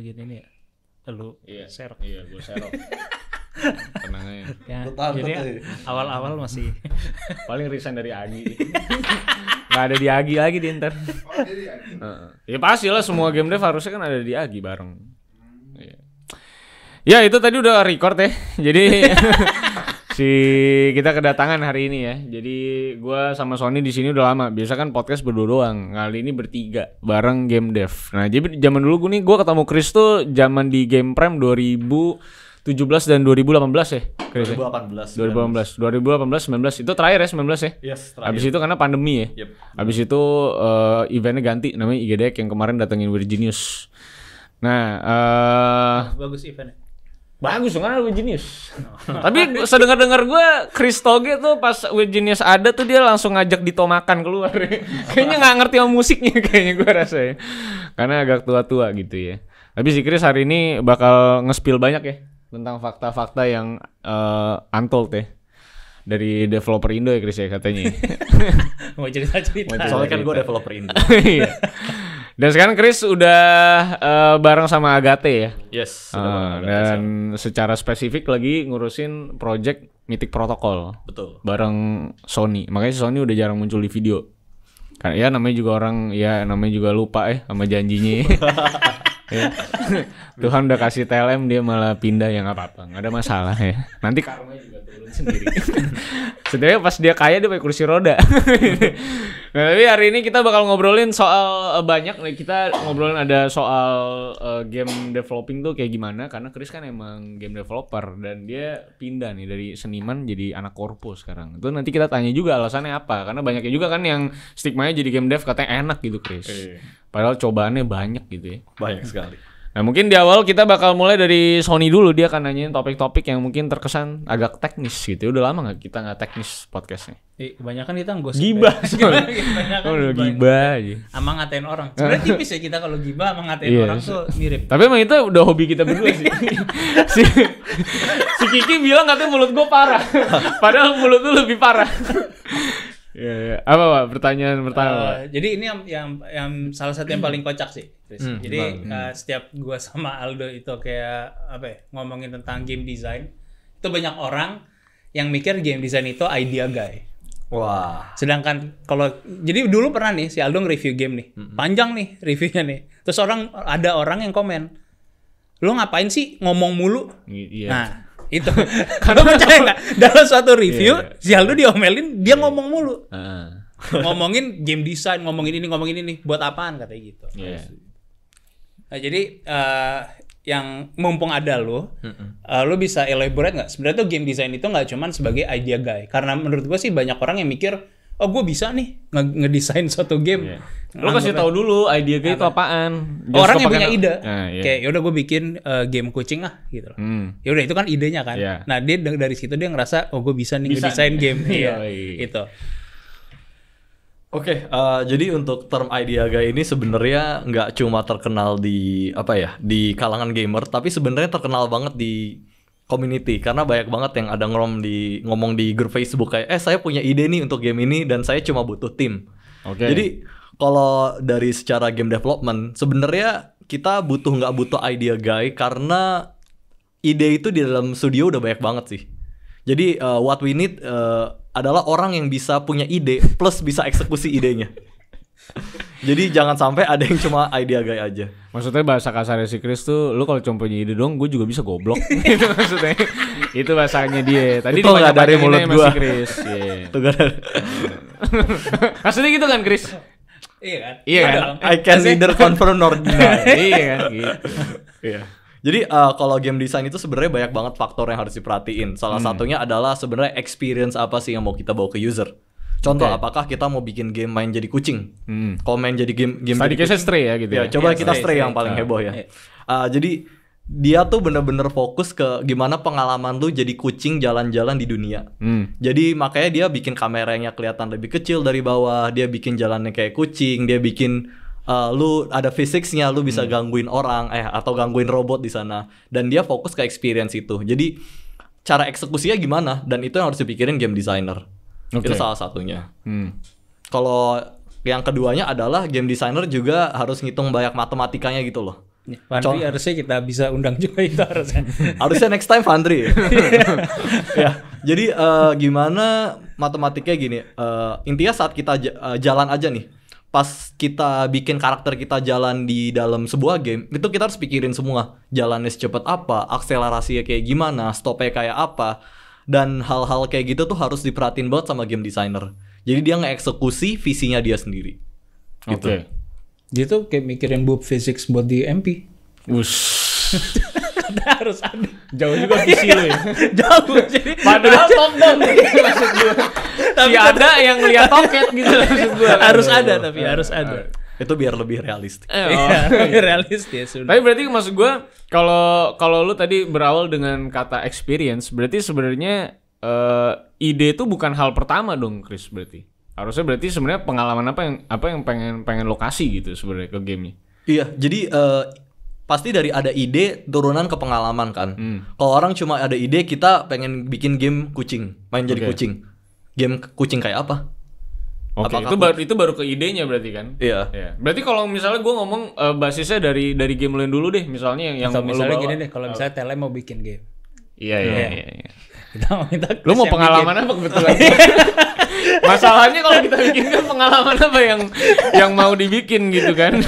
bagian ini ya lu iya, serok iya gue serok tenang aja ya, jadi ya, ya? awal-awal masih paling resign dari Agi nggak ada di Agi lagi di Inter Iya ya pasti lah semua game dev harusnya kan ada di Agi bareng iya. ya itu tadi udah record ya jadi si kita kedatangan hari ini ya. Jadi gue sama Sony di sini udah lama. Biasa kan podcast berdua doang. Kali ini bertiga bareng game dev. Nah jadi zaman dulu gue nih gue ketemu Chris tuh zaman di Game Prime 2017 dan 2018 ya. Chris 2018. 2018. 2018 19 itu terakhir ya 19 ya. Yes, terakhir. Habis itu karena pandemi ya. Yep. Habis itu uh, eventnya ganti namanya IGDX yang kemarin datengin Virginius. Nah, uh, bagus eventnya. Bagus dong, kan ah, Genius. Tapi sedengar-dengar gue, Chris Toge tuh pas We Genius ada tuh dia langsung ngajak Dito makan keluar. kayaknya nggak ngerti sama musiknya kayaknya gue rasa ya. Karena agak tua-tua gitu ya. Tapi si Chris hari ini bakal ngespil banyak ya tentang fakta-fakta yang uh, untold ya dari developer Indo ya Chris ya katanya. Ya. Mau cerita cerita. Soalnya kan gue developer Indo. Iya. Dan sekarang Chris udah uh, bareng sama Agate ya. Yes. Uh, dan Agate. secara spesifik lagi ngurusin project Mythic Protocol. Betul. Bareng Sony. Makanya Sony udah jarang muncul di video. Karena ya namanya juga orang ya namanya juga lupa eh sama janjinya. Ya. Tuhan udah kasih TLM dia malah pindah yang apa-apa nggak ada masalah ya. Nanti karma juga sendiri. Sebenarnya pas dia kaya dia pakai kursi roda. nah, tapi hari ini kita bakal ngobrolin soal uh, banyak. Kita ngobrolin ada soal uh, game developing tuh kayak gimana. Karena Chris kan emang game developer dan dia pindah nih dari seniman jadi anak korpus sekarang. Itu nanti kita tanya juga alasannya apa. Karena banyaknya juga kan yang stigma nya jadi game dev katanya enak gitu Chris. Iya. Padahal cobaannya banyak gitu ya. Banyak sekali. Nah mungkin di awal kita bakal mulai dari Sony dulu dia akan nanyain topik-topik yang mungkin terkesan agak teknis gitu. Udah lama nggak kita nggak teknis podcastnya? Eh, kebanyakan kita nggak ya. gibah. kebanyakan oh, gibah. gibah aja. Amang ngatain orang. Sebenarnya tipis ya kita kalau gibah amang ngatain yeah, orang tuh mirip. Tapi emang itu udah hobi kita berdua sih. si, si Kiki bilang katanya mulut gue parah. Padahal mulut lu lebih parah. Iya yeah, apa pak pertanyaan pertama? Uh, jadi ini yang, yang yang salah satu yang paling kocak sih Chris. Hmm, Jadi eh, hmm. uh, setiap gua sama Aldo itu kayak apa ya, ngomongin tentang game design, itu banyak orang yang mikir game design itu idea guy. Wah. Sedangkan kalau jadi dulu pernah nih si Aldo nge-review game nih. Mm-hmm. Panjang nih reviewnya nih. Terus orang ada orang yang komen. Lu ngapain sih ngomong mulu? Iya. yeah. Nah, itu. Karena percaya nggak? Dalam suatu review yeah, yeah. si Aldo diomelin dia yeah. ngomong mulu. Uh. ngomongin game design, ngomongin ini, ngomongin ini, buat apaan katanya gitu. Yeah. Iya. Nah, jadi uh, yang mumpung ada lo, uh, lo bisa elaborate nggak? Sebenarnya tuh game design itu nggak cuman sebagai idea guy. Karena menurut gue sih banyak orang yang mikir, oh gue bisa nih nge ngedesain suatu game. Yeah. Iya. Lo kasih tahu dulu idea guy itu apaan. Just orang yang punya ide, nah, yeah. kayak yaudah gue bikin uh, game kucing lah gitu. Loh. Hmm. Yaudah itu kan idenya kan. Yeah. Nah dia dari situ dia ngerasa, oh gue bisa nih ngedesain game. iya, iya. iya. itu. Oke, okay, uh, eh, jadi untuk term Ideaga ini sebenarnya nggak cuma terkenal di apa ya di kalangan gamer, tapi sebenarnya terkenal banget di community karena banyak banget yang ada ngrom di ngomong di grup Facebook kayak eh saya punya ide nih untuk game ini dan saya cuma butuh tim. Oke. Okay. Jadi kalau dari secara game development sebenarnya kita butuh nggak butuh idea guy karena ide itu di dalam studio udah banyak banget sih. Jadi uh, what we need uh, adalah orang yang bisa punya ide plus bisa eksekusi idenya. Jadi jangan sampai ada yang cuma idea guy aja. Maksudnya bahasa kasarnya si Chris tuh, lu kalau cuma punya ide dong, gue juga bisa goblok. itu maksudnya. Itu bahasanya dia. Tadi itu nggak dari mulut gue. Si Chris. Iya. Itu dari. maksudnya gitu kan Chris? Iya kan? Iya kan? I can neither confirm nor deny. Iya kan? Gitu. Iya. Jadi uh, kalau game design itu sebenarnya banyak banget faktor yang harus diperhatiin. Salah hmm. satunya adalah sebenarnya experience apa sih yang mau kita bawa ke user. Contoh, okay. apakah kita mau bikin game main jadi kucing? Hmm. Kalau main jadi game game Tadi jadi kucing, stray ya gitu. Ya, ya. coba yeah, kita stray, stray yang paling uh, heboh ya. Yeah. Iya. Uh, jadi dia tuh bener-bener fokus ke gimana pengalaman lu jadi kucing jalan-jalan di dunia. Hmm. Jadi makanya dia bikin kameranya kelihatan lebih kecil dari bawah, dia bikin jalannya kayak kucing, dia bikin uh, lu ada fisiknya, lu bisa hmm. gangguin orang eh atau gangguin robot di sana. Dan dia fokus ke experience itu. Jadi cara eksekusinya gimana dan itu yang harus dipikirin game designer. Okay. Itu salah satunya. Hmm. Kalau yang keduanya adalah game designer juga harus ngitung banyak matematikanya gitu loh. Ya, Fandri harusnya kita bisa undang juga itu harusnya. harusnya next time Fandri. Iya. ya. Jadi uh, gimana matematiknya gini, uh, intinya saat kita jalan aja nih pas kita bikin karakter kita jalan di dalam sebuah game itu kita harus pikirin semua jalannya secepat apa akselerasinya kayak gimana stopnya kayak apa dan hal-hal kayak gitu tuh harus diperhatiin banget sama game designer jadi dia ngeeksekusi visinya dia sendiri gitu. oke okay. dia tuh kayak mikirin buat physics buat di MP Ush harus ada. Jauh juga iya visi lu ya. Kan? Jauh jadi. Padahal top gitu iya. maksud gue. Tapi si ada yang lihat toket gitu iya. maksud gue. Harus ada tapi harus ada. Itu biar lebih realistik. Eh, oh, iya. realistis. Ya, tapi berarti maksud gue kalau kalau lu tadi berawal dengan kata experience, berarti sebenarnya uh, ide itu bukan hal pertama dong, Chris berarti. Harusnya berarti sebenarnya pengalaman apa yang apa yang pengen pengen lokasi gitu sebenarnya ke gamenya. Iya, jadi uh, pasti dari ada ide turunan ke pengalaman kan. Hmm. Kalau orang cuma ada ide kita pengen bikin game kucing, main jadi okay. kucing. Game kucing kayak apa? Oke, okay, itu baru itu baru ke idenya berarti kan? Iya. Yeah. Berarti kalau misalnya gue ngomong uh, basisnya dari dari game lain dulu deh, misalnya yang yang misalnya misalnya gini deh, kalau misalnya Tele mau bikin game. Iya iya iya. iya. iya. Kita mau minta Lu mau pengalaman bikin. apa kebetulan? Masalahnya kalau kita bikin kan pengalaman apa yang yang mau dibikin gitu kan?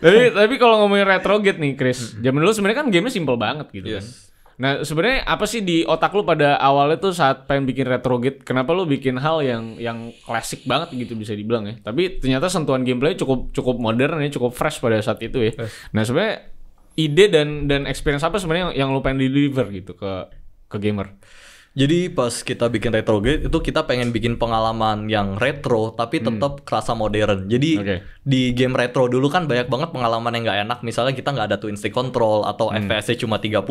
tapi tapi kalau ngomongin retro retrogate nih Chris, zaman dulu sebenarnya kan gamenya simple banget gitu kan. yes. kan. Nah sebenarnya apa sih di otak lu pada awalnya tuh saat pengen bikin retro retrogate, kenapa lu bikin hal yang yang klasik banget gitu bisa dibilang ya? Tapi ternyata sentuhan gameplay cukup cukup modern ya, cukup fresh pada saat itu ya. Yes. Nah sebenarnya ide dan dan experience apa sebenarnya yang, yang lu pengen deliver gitu ke ke gamer? Jadi pas kita bikin retrograde itu kita pengen bikin pengalaman yang retro tapi tetap hmm. kerasa modern. Jadi okay. di game retro dulu kan banyak banget pengalaman yang nggak enak. Misalnya kita nggak ada twin stick control atau hmm. fps cuma 30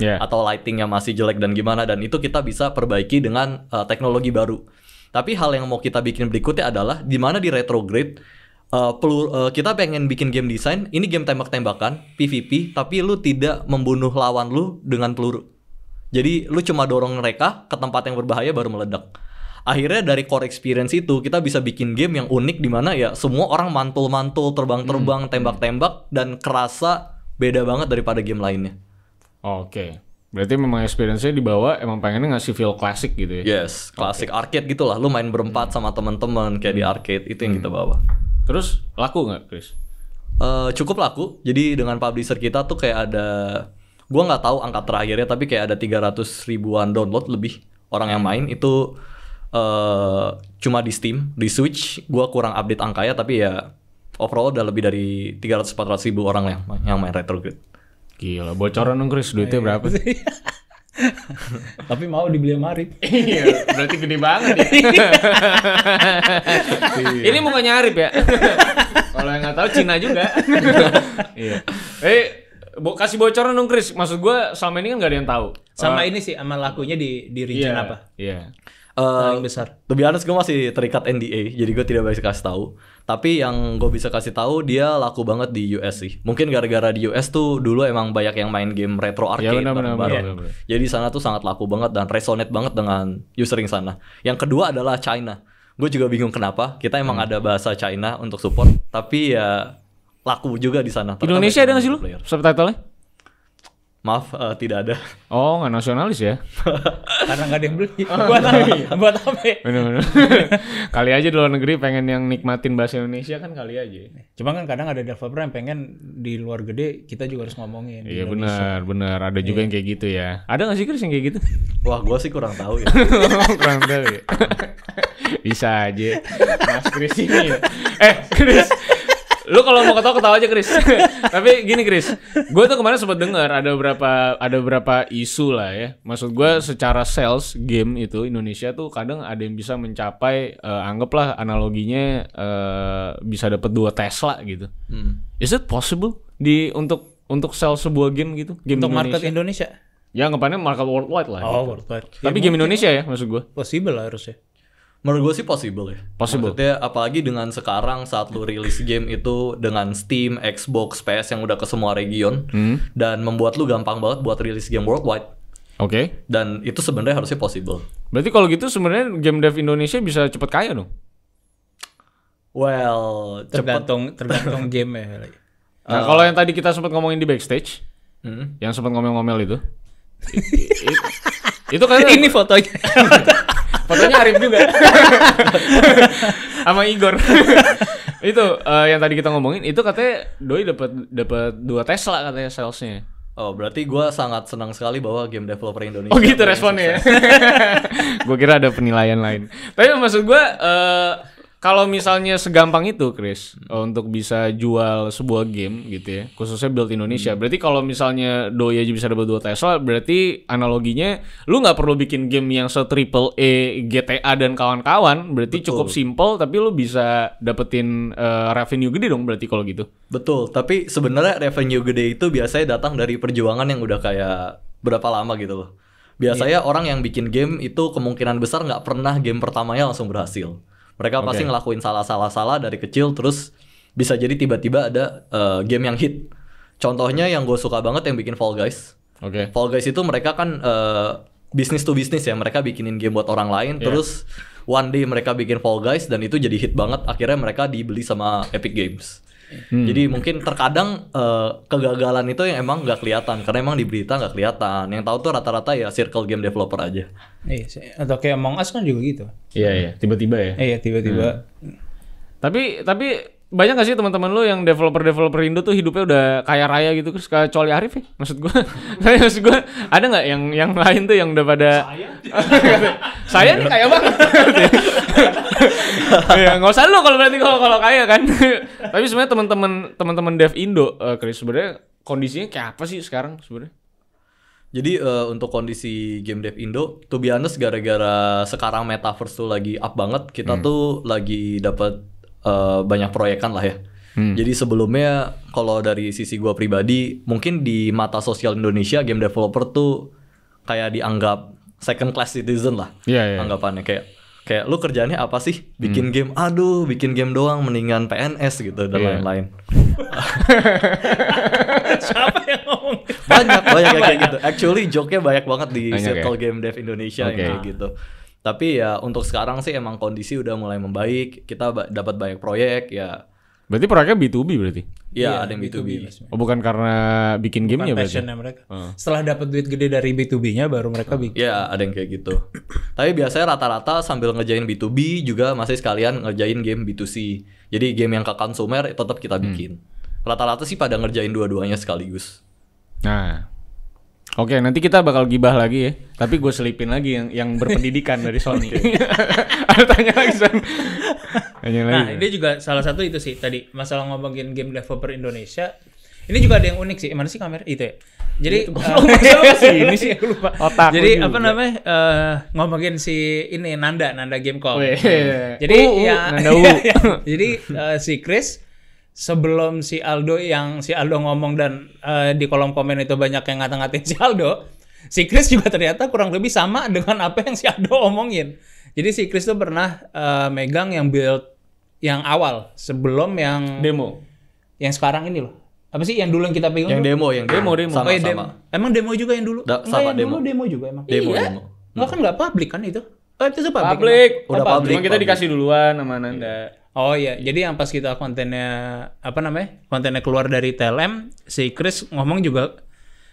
yeah. atau lightingnya masih jelek dan gimana dan itu kita bisa perbaiki dengan uh, teknologi baru. Tapi hal yang mau kita bikin berikutnya adalah di mana di retrograde uh, pelur, uh, eh, kita pengen bikin game design ini game tembak-tembakan, PVP, tapi lu tidak membunuh lawan lu dengan peluru. Jadi lu cuma dorong mereka ke tempat yang berbahaya baru meledak. Akhirnya dari core experience itu kita bisa bikin game yang unik di mana ya semua orang mantul-mantul, terbang-terbang, hmm. hmm. tembak-tembak dan kerasa beda banget daripada game lainnya. Oke. Okay. Berarti memang experience-nya dibawa emang pengennya ngasih feel klasik gitu ya? Yes, klasik okay. arcade gitulah. Lu main berempat hmm. sama teman-teman kayak hmm. di arcade itu yang hmm. kita bawa. Terus laku nggak, Chris? Uh, cukup laku. Jadi dengan publisher kita tuh kayak ada gua nggak tahu angka terakhirnya tapi kayak ada 300 ribuan download lebih orang yang main itu uh, cuma di Steam di Switch gua kurang update angkanya tapi ya overall udah lebih dari 300-400 ribu orang yang yang main Retrograde gila bocoran dong Chris duitnya iya. berapa sih Tapi mau dibeli sama Arif. iya, berarti gede banget ya. Iya. Ini mukanya Arif ya? Kalau yang nggak tahu Cina juga. iya. Eh, Bo kasih bocoran dong Chris. Maksud gue selama ini kan gak ada yang tahu. Sama uh, ini sih sama lakunya di di region yeah, apa? Iya. Yeah. Uh, besar. Lebih honest gue masih terikat NDA, jadi gue tidak bisa kasih tahu. Tapi yang gue bisa kasih tahu dia laku banget di US sih. Mungkin gara-gara di US tuh dulu emang banyak yang main game retro arcade ya, bener, bener, bener, Bener, bener. Jadi sana tuh sangat laku banget dan resonate banget dengan usering sana. Yang kedua adalah China. Gue juga bingung kenapa kita emang hmm. ada bahasa China untuk support, tapi ya laku juga di sana. Di Indonesia ada nggak sih lu subtitlenya? Maaf, uh, tidak ada. Oh, nggak nasionalis ya? Karena nggak ada yang beli. Oh, buat iya. apa? Buat apa? Benar-benar. kali aja di luar negeri pengen yang nikmatin bahasa Indonesia kan kali aja. Cuma kan kadang ada developer yang pengen di luar gede kita juga harus ngomongin. Iya benar, benar. Ada juga iya. yang kayak gitu ya. Ada nggak sih Chris yang kayak gitu? Wah, gue sih kurang tahu ya. kurang tahu ya. Bisa aja. Mas Chris ini. Ya. Eh, Chris. Lu kalau mau ketawa ketawa aja Chris. Tapi gini Chris, gue tuh kemarin sempat dengar ada beberapa ada beberapa isu lah ya. Maksud gue secara sales game itu Indonesia tuh kadang ada yang bisa mencapai uh, eh, anggaplah analoginya uh, bisa dapat dua Tesla gitu. Hmm. Is it possible di untuk untuk sell sebuah game gitu? Game untuk Indonesia? market Indonesia? Ya ngapainnya market worldwide lah. Oh, gitu. worldwide. Tapi ya, game Indonesia ya maksud gue. Possible lah harusnya. Menurut gue sih possible ya. Possible. Maksudnya apalagi dengan sekarang saat lu rilis game itu dengan Steam, Xbox, PS yang udah ke semua region hmm. dan membuat lu gampang banget buat rilis game worldwide. Oke. Okay. Dan itu sebenarnya harusnya possible. Berarti kalau gitu sebenarnya game dev Indonesia bisa cepet kaya dong. Well, tergantung cepet. tergantung game ya. Nah, uh, kalau yang tadi kita sempat ngomongin di backstage, hmm. yang sempat ngomel-ngomel itu, itu kan ini fotonya fotonya Arif juga sama Igor itu uh, yang tadi kita ngomongin itu katanya Doi dapat dapat dua Tesla katanya salesnya Oh berarti gue sangat senang sekali bahwa game developer Indonesia Oh gitu responnya ya Gue kira ada penilaian lain Tapi maksud gue uh, kalau misalnya segampang itu, Chris, hmm. Eh, untuk bisa jual sebuah game gitu ya, khususnya build Indonesia. Hmm. Berarti kalau misalnya Doi aja bisa dapat dua Tesla, berarti analoginya lu nggak perlu bikin game yang se triple E, GTA dan kawan-kawan. Berarti Betul. cukup simple, tapi lu bisa dapetin uh, revenue gede dong. Berarti kalau gitu. Betul. Tapi sebenarnya revenue gede itu biasanya datang dari perjuangan yang udah kayak berapa lama gitu loh. Biasanya yeah. orang yang bikin game itu kemungkinan besar nggak pernah game pertamanya langsung berhasil mereka okay. pasti ngelakuin salah-salah-salah dari kecil terus bisa jadi tiba-tiba ada uh, game yang hit. Contohnya yang gue suka banget yang bikin Fall Guys. Oke. Okay. Fall Guys itu mereka kan uh, eh, bisnis to bisnis ya, mereka bikinin game buat orang lain yeah. terus one day mereka bikin Fall Guys dan itu jadi hit banget akhirnya mereka dibeli sama Epic Games. Hmm. Jadi mungkin terkadang uh, kegagalan itu yang emang nggak kelihatan karena emang di berita nggak kelihatan. Yang tahu tuh rata-rata ya circle game developer aja. Iya, eh, atau kayak Among Us kan juga gitu. Iya iya, tiba-tiba ya. Iya, tiba-tiba. Hmm. Tapi tapi banyak gak sih teman-teman lu yang developer-developer Indo tuh hidupnya udah kaya raya gitu terus kayak Coli Arif ya? Maksud gue saya maksud gue ada nggak yang yang lain tuh yang udah pada saya, saya nih kaya banget. ya nggak usah lu kalau berarti kalau kalau kaya kan. Tapi sebenarnya teman-teman teman-teman dev Indo uh, Chris sebenarnya kondisinya kayak apa sih sekarang sebenarnya? Jadi uh, untuk kondisi game dev Indo, to be gara-gara sekarang metaverse tuh lagi up banget, kita hmm. tuh lagi dapat Eh, banyak proyekan lah ya. Hmm. Jadi sebelumnya kalau dari sisi gue pribadi, mungkin di mata sosial Indonesia game developer tuh kayak dianggap second class citizen lah yeah, yeah. Iya. anggapannya kayak kayak lu kerjanya apa sih bikin hmm. game aduh bikin game doang mendingan PNS gitu dan iya. lain-lain yeah. siapa yang ngomong banyak banyak kayak gitu actually joke-nya banyak banget di circle okay. Ya? game dev Indonesia okay. yang kayak gitu tapi ya untuk sekarang sih emang kondisi udah mulai membaik, kita dapat banyak proyek ya. Berarti proyeknya B2B berarti? Iya, ya, ada yang B2B. B2B. Oh, bukan karena bikin game gamenya berarti? mereka. Uh. Setelah dapat duit gede dari B2B-nya baru mereka bikin. Iya, ada yang kayak gitu. Tapi biasanya rata-rata sambil ngejain B2B juga masih sekalian ngejain game B2C. Jadi game yang ke consumer tetap kita hmm. bikin. Rata-rata hmm. sih pada ngerjain dua-duanya sekaligus. Nah, Oke, nanti kita bakal gibah lagi ya. Tapi gue selipin lagi yang yang berpendidikan dari Sony. Ada tanya lagi Son. Tanya nah, lagi. Nah, ini juga salah satu itu sih tadi masalah ngomongin game developer Indonesia. Ini juga ada yang unik sih. mana sih kamera itu ya? Jadi eh, ini sih lupa. Otak Jadi apa namanya eh, ngomongin si ini Nanda Nanda Game Call. Jadi ya Nanda ya, ya. jadi eh, si Chris sebelum si Aldo yang si Aldo ngomong dan uh, di kolom komen itu banyak yang ngata-ngatain si Aldo, si Chris juga ternyata kurang lebih sama dengan apa yang si Aldo omongin. Jadi si Chris tuh pernah uh, megang yang build yang awal sebelum yang demo. Yang sekarang ini loh. Apa sih yang dulu yang kita pegang? Yang demo, yang demo, demo. Sama, oh, ya sama. Emang demo juga yang dulu? Da, sama yang demo. dulu demo juga emang. Demo, iya. demo. Enggak kan nggak publik kan itu? Oh, itu publik. Publik. Oh, Udah publik. Cuma kita dikasih duluan sama Nanda. Iya. Oh iya, jadi yang pas kita kontennya apa namanya? Kontennya keluar dari TLM, si Chris ngomong juga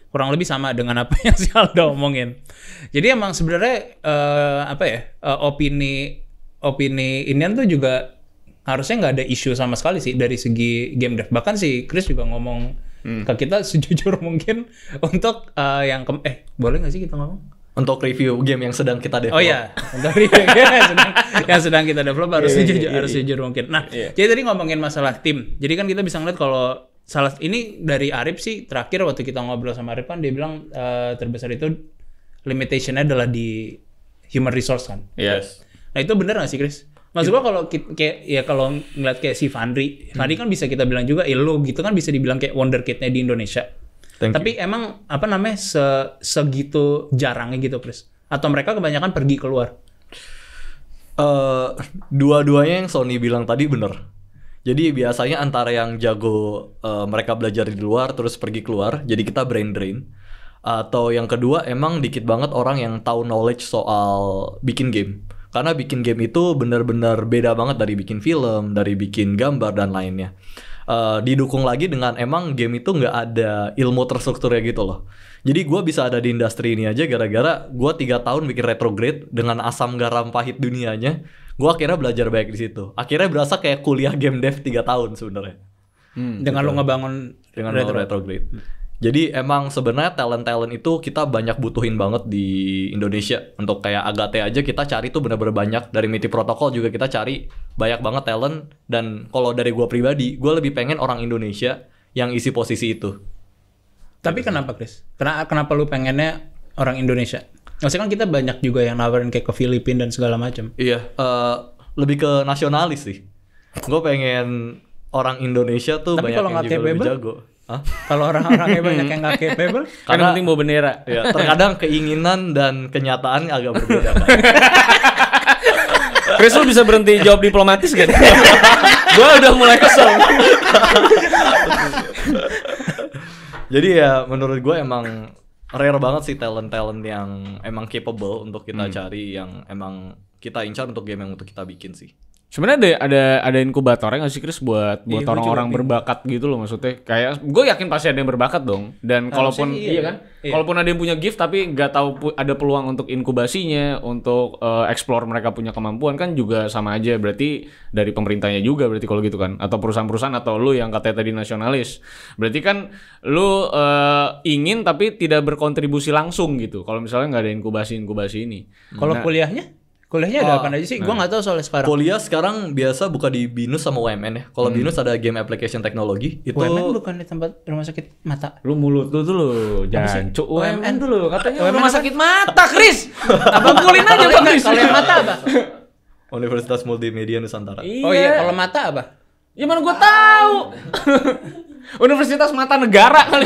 kurang lebih sama dengan apa yang si Aldo omongin. Jadi emang sebenarnya uh, apa ya? Uh, opini opini ini tuh juga harusnya nggak ada isu sama sekali sih dari segi game dev. Bahkan si Chris juga ngomong hmm. ke kita sejujur mungkin untuk uh, yang eh boleh nggak sih kita ngomong? untuk review game yang sedang kita develop. Oh iya, untuk review game yang sedang, yang sedang kita develop harus yeah, iya, jujur, yeah, yeah, harus iya. jujur mungkin. Nah, yeah. jadi tadi ngomongin masalah tim. Jadi kan kita bisa ngeliat kalau salah ini dari Arif sih terakhir waktu kita ngobrol sama Arif kan dia bilang uh, terbesar itu limitationnya adalah di human resource kan. Yes. Nah itu benar nggak sih Chris? Maksud iya. gua kalau kayak ya kalau ngeliat kayak si Fandri, Fandri hmm. kan bisa kita bilang juga, ya eh, lo gitu kan bisa dibilang kayak wonder kidnya di Indonesia Thank Tapi you. emang apa namanya se segitu jarangnya gitu, Pris? Atau mereka kebanyakan pergi keluar? Uh, dua-duanya yang Sony bilang tadi bener. Jadi biasanya antara yang jago uh, mereka belajar di luar terus pergi keluar, jadi kita brain drain. Atau yang kedua emang dikit banget orang yang tahu knowledge soal bikin game. Karena bikin game itu benar-benar beda banget dari bikin film, dari bikin gambar dan lainnya uh, didukung lagi dengan emang game itu nggak ada ilmu terstruktur ya gitu loh. Jadi gue bisa ada di industri ini aja gara-gara gue tiga tahun bikin retrograde dengan asam garam pahit dunianya. Gue akhirnya belajar banyak di situ. Akhirnya berasa kayak kuliah game dev tiga tahun sebenarnya. Hmm, dengan gitu. lo ngebangun dengan retro retrograde. Jadi emang sebenarnya talent-talent itu kita banyak butuhin banget di Indonesia. Untuk kayak Agate aja kita cari tuh bener-bener banyak. Dari Miti Protokol juga kita cari banyak banget talent. Dan kalau dari gue pribadi, gue lebih pengen orang Indonesia yang isi posisi itu. Tapi gitu. kenapa Chris? Kenapa, kenapa lu pengennya orang Indonesia? Maksudnya kan kita banyak juga yang nawarin kayak ke Filipina dan segala macam. Iya, uh, lebih ke nasionalis sih. Gue pengen orang Indonesia tuh Tapi banyak kalau yang juga bebas, lebih jago kalau orang-orangnya banyak yang nggak capable, karena penting mau bendera. Ya, terkadang keinginan dan kenyataan agak berbeda. Chris lu bisa berhenti jawab diplomatis gak? gue udah mulai kesel. Jadi ya menurut gue emang rare banget sih talent-talent yang emang capable untuk kita hmm. cari yang emang kita incar untuk game yang untuk kita bikin sih. Sebenarnya ada ada ada inkubatornya yang sih Chris buat iya, buat orang-orang iya, berbakat gitu loh maksudnya. Kayak gue yakin pasti ada yang berbakat dong. Dan kalaupun iya, iya ya. kan, iya. kalaupun ada yang punya gift tapi nggak tahu ada peluang untuk inkubasinya, untuk uh, explore mereka punya kemampuan kan juga sama aja. Berarti dari pemerintahnya juga berarti kalau gitu kan, atau perusahaan-perusahaan atau lu yang katanya tadi nasionalis. Berarti kan lu uh, ingin tapi tidak berkontribusi langsung gitu. Kalau misalnya nggak ada inkubasi inkubasi ini. Kalau nah, kuliahnya? Kuliahnya ada oh, apa aja sih? Nah. Gue nggak tahu soalnya sekarang. Kuliah sekarang biasa buka di Binus sama UMN ya. Kalau hmm. Binus ada game application teknologi. Itu UMN bukan di tempat rumah sakit mata. Lu mulut lu dulu, jangan cuk UMN, UMN dulu katanya. UMN rumah sakit mata, Chris apa kulin aja bang? Kalau yang mata apa? Universitas Multimedia Nusantara. Oh iya, kalau mata apa? Ya mana gue tahu. Universitas Mata Negara kali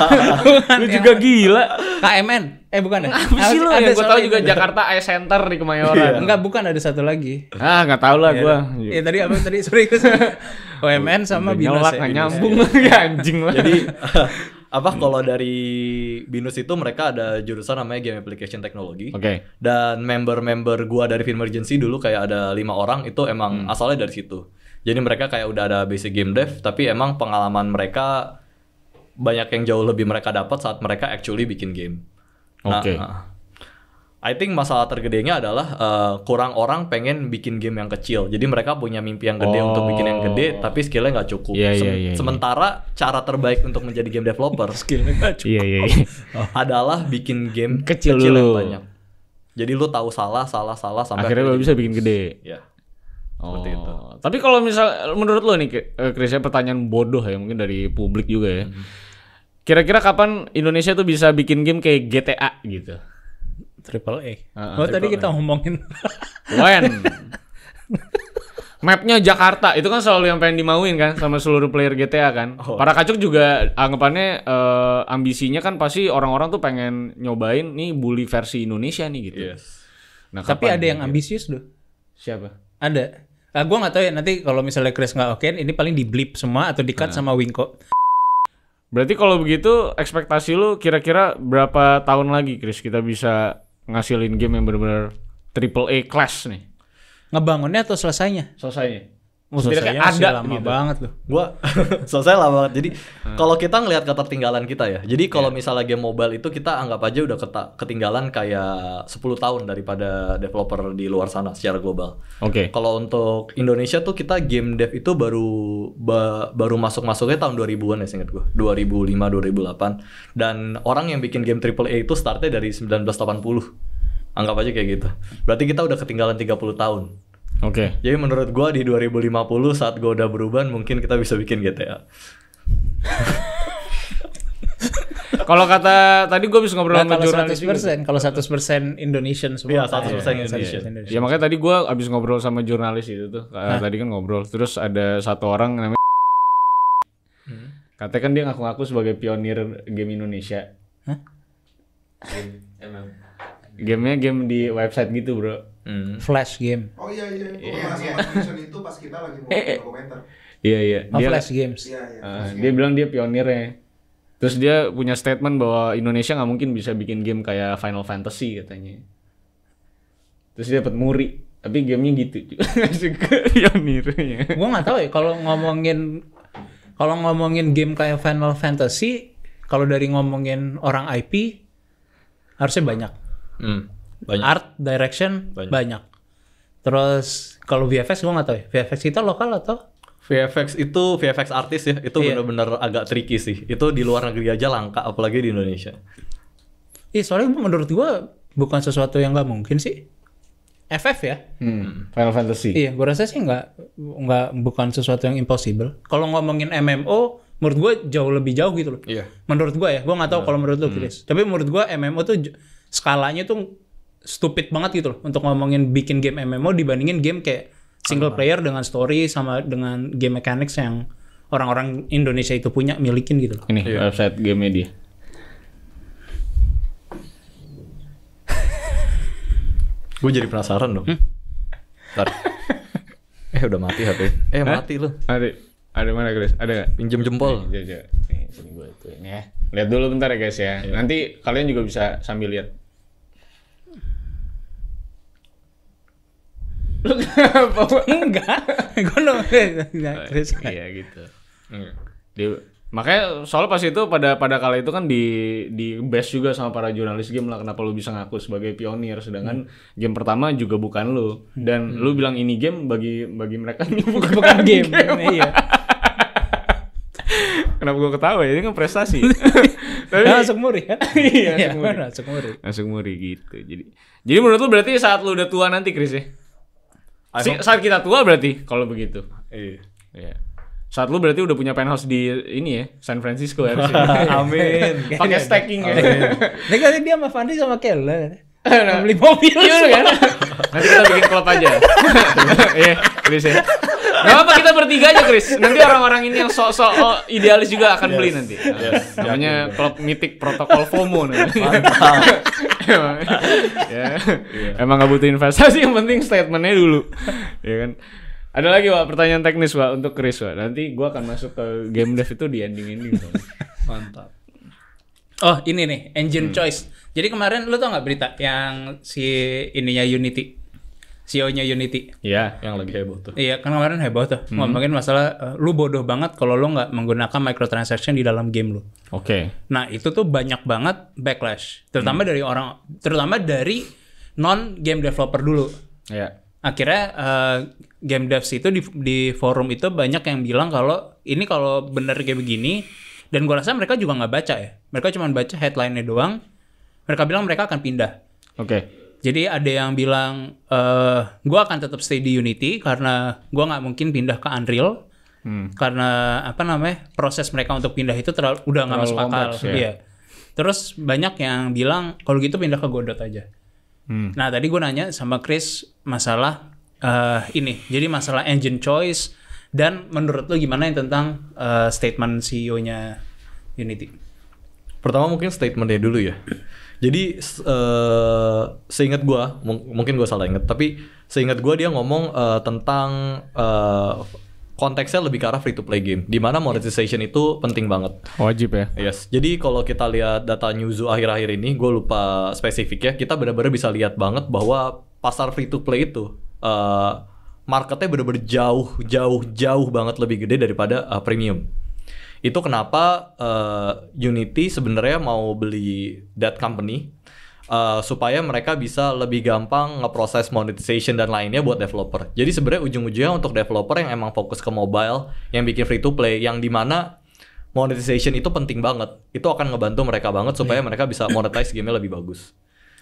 Lu juga gila. KMN. Eh bukan ya? Apa sih lu? Ada gue tahu juga Jakarta Eye Center di Kemayoran. Iya. Enggak, bukan ada satu lagi. Ah, enggak tahu lah iya, gua. Ya tadi apa tadi? Sorry gue. OMN sama Binus. Nyolak ya, nyambung ya, anjing lah. Jadi apa kalau dari Binus itu mereka ada jurusan namanya Game Application Technology. Oke. Okay. Dan member-member gua dari Film Emergency dulu kayak ada lima orang itu emang hmm. asalnya dari situ. Jadi mereka kayak udah ada basic game dev, tapi emang pengalaman mereka banyak yang jauh lebih mereka dapat saat mereka actually bikin game. Nah, Oke. Okay. Nah. I think masalah tergedenya adalah uh, kurang orang pengen bikin game yang kecil. Jadi mereka punya mimpi yang gede oh. untuk bikin yang gede, oh. tapi skillnya nggak cukup. Yeah, iya, iya, yeah, yeah, Sementara yeah. cara terbaik untuk menjadi game developer skillnya nggak cukup yeah, yeah, yeah. adalah bikin game kecil, kecil yang banyak. Jadi lu tahu salah, salah, salah sampai akhirnya lu bisa bikin gede. Ya. Seperti oh. itu. Tapi kalau misal menurut lo nih eh, Chris ya pertanyaan bodoh ya mungkin dari publik juga ya. kira mhm. Kira-kira kapan Indonesia tuh bisa bikin game kayak GTA gitu? Triple A. Uh, oh triple tadi A. kita ngomongin. When? Mapnya Jakarta itu kan selalu yang pengen dimauin kan sama seluruh player GTA kan. Oh. Para kacuk juga anggapannya uh, ambisinya kan pasti orang-orang tuh pengen nyobain nih bully versi Indonesia nih gitu. Yes. Nah, Tapi ada yang ambisius loh. Siapa? Ada. Nah, gue gak tahu ya nanti kalau misalnya Chris gak oke, ini paling di blip semua atau di cut nah. sama Winko. Berarti kalau begitu ekspektasi lu kira-kira berapa tahun lagi Chris kita bisa ngasilin game yang bener-bener triple A class nih? Ngebangunnya atau selesainya? Selesainya. Oh, kayak ada lama gitu. banget loh. Gua selesai lama banget. Jadi hmm. kalau kita ngelihat ketertinggalan kita ya. Jadi kalau yeah. misalnya game mobile itu kita anggap aja udah ketinggalan kayak 10 tahun daripada developer di luar sana secara global. Oke. Okay. Kalau untuk Indonesia tuh kita game dev itu baru ba baru masuk-masuknya tahun 2000-an ya seingat gua. 2005 2008 dan orang yang bikin game triple A itu startnya dari 1980. Anggap aja kayak gitu. Berarti kita udah ketinggalan 30 tahun. Oke. Okay. Jadi menurut gua di 2050 saat gua udah berubah mungkin kita bisa bikin GTA. kalau kata tadi gue bisa ngobrol nah, sama jurnalis 100%, persen kalau 100% persen Indonesian semua. Iya 100% iya, persen Indonesian. Indonesia. Ya makanya tadi gua abis ngobrol sama jurnalis itu tuh. Hah? Tadi kan ngobrol. Terus ada satu orang namanya hmm. katanya kan dia ngaku-ngaku sebagai pionir game Indonesia. Hah? Game, emang. Gamenya game di website gitu bro. Hmm. Flash game. Oh iya iya. Iya. Yeah. Iya. itu pas kita lagi mau komentar. Iya iya. Oh, dia, flash games. Iya iya. Uh, dia game. bilang dia pionirnya. Terus dia punya statement bahwa Indonesia nggak mungkin bisa bikin game kayak Final Fantasy katanya. Terus dia dapat muri. Tapi gamenya gitu juga. pionirnya. Gue nggak tahu ya kalau ngomongin kalau ngomongin game kayak Final Fantasy, kalau dari ngomongin orang IP harusnya banyak. Hmm banyak. art direction banyak, banyak. terus kalau VFX gue nggak tahu ya VFX kita lokal atau VFX itu VFX artis ya itu iya. bener-bener agak tricky sih itu di luar negeri aja langka apalagi di Indonesia Iya soalnya menurut gue bukan sesuatu yang nggak mungkin sih FF ya. Hmm. hmm, Final Fantasy. Iya, gue rasa sih nggak nggak bukan sesuatu yang impossible. Kalau ngomongin MMO, menurut gue jauh lebih jauh gitu loh. Iya. Menurut gue ya, gue nggak tahu kalau menurut lo, hmm. Chris. Tapi menurut gue MMO tuh skalanya tuh stupid banget gitu loh untuk ngomongin bikin game MMO dibandingin game kayak single player dengan story sama dengan game mechanics yang orang-orang Indonesia itu punya milikin gitu loh. Ini iya. website game dia. Gue jadi penasaran dong. Hmm? eh udah mati HP. Eh mati lu. Mati. Ada mana guys? Ada gak? Pinjam jempol. Nih, jauh, Nih sini gue itu ya. Lihat dulu bentar ya guys ya. Iya. Nanti kalian juga bisa sambil lihat Lu kenapa? Enggak. Gue no. Terus iya gitu. Iya. Dia, makanya soal pas itu pada pada kala itu kan di di best juga sama para jurnalis game lah kenapa lu bisa ngaku sebagai pionir sedangkan hmm. game pertama juga bukan lu dan hmm. lu bilang ini game bagi bagi mereka ini bukan, bukan game, game. iya Kenapa gue ketawa ya? Ini kan prestasi. Tapi nah, langsung muri ya. iya, langsung iya, muri. Langsung muri. gitu. Jadi jadi menurut lu berarti saat lu udah tua nanti Chris ya? si saat kita tua berarti kalau begitu. Iya. Yeah. Saat lu berarti udah punya penthouse di ini ya, San Francisco ya. Amin. Pakai stacking ya. nih kali dia sama Fandi sama Kelle. Iya, beli mobil. Iya kan. Nanti kita bikin klub aja. Iya, bisa. Gak apa kita bertiga aja, Chris. Nanti orang-orang ini yang sok-sok oh, idealis juga akan yes. beli nanti. Yes. Namanya mitik protokol FOMO nih emang, ya. yeah. emang gak butuh investasi, yang penting statementnya dulu. ya kan? Ada lagi Wak, pertanyaan teknis Wak untuk Chris Wak. Nanti gue akan masuk ke game dev itu di ending ini Mantap. Oh ini nih, engine hmm. choice. Jadi kemarin lu tau nggak berita yang si ininya Unity CEO-nya Unity. Iya, yang lagi heboh tuh. Iya, kan kemarin heboh tuh. Hmm. Ngomongin masalah eh, lu bodoh banget kalau lu nggak menggunakan microtransaction di dalam game lu. Oke. Okay. Nah, itu tuh banyak banget backlash, terutama hmm. dari orang terutama dari non game developer dulu. Iya. Akhirnya uh, game devs itu di, di forum itu banyak yang bilang kalau ini kalau bener kayak begini dan gue rasa mereka juga nggak baca ya. Mereka cuma baca headline-nya doang. Mereka bilang mereka akan pindah. Oke. Okay jadi ada yang bilang, uh, eh, gue akan tetap stay di Unity karena gue nggak mungkin pindah ke Unreal hmm. karena apa namanya proses mereka untuk pindah itu terlalu udah nggak masuk akal. Ya. Iya. Terus banyak yang bilang kalau gitu pindah ke Godot aja. Hmm. Nah tadi gue nanya sama Chris masalah uh, ini, jadi masalah engine choice dan menurut lo gimana yang tentang uh, statement CEO-nya Unity? Pertama mungkin statementnya dulu ya. Jadi uh, seingat gue, mungkin gue salah inget, tapi seingat gue dia ngomong uh, tentang uh, konteksnya lebih ke arah free to play game, di mana monetization itu penting banget. Wajib ya. Yes. Jadi kalau kita lihat data Newzoo akhir-akhir ini, gue lupa spesifik ya, kita benar-benar bisa lihat banget bahwa pasar free to play itu uh, marketnya benar-benar jauh, jauh, jauh banget lebih gede daripada uh, premium. Itu kenapa uh, Unity sebenarnya mau beli that company uh, supaya mereka bisa lebih gampang ngeproses monetization dan lainnya buat developer. Jadi sebenarnya ujung-ujungnya untuk developer yang emang fokus ke mobile, yang bikin free to play, yang dimana monetization itu penting banget. Itu akan ngebantu mereka banget supaya iya. mereka bisa monetize game-nya lebih bagus.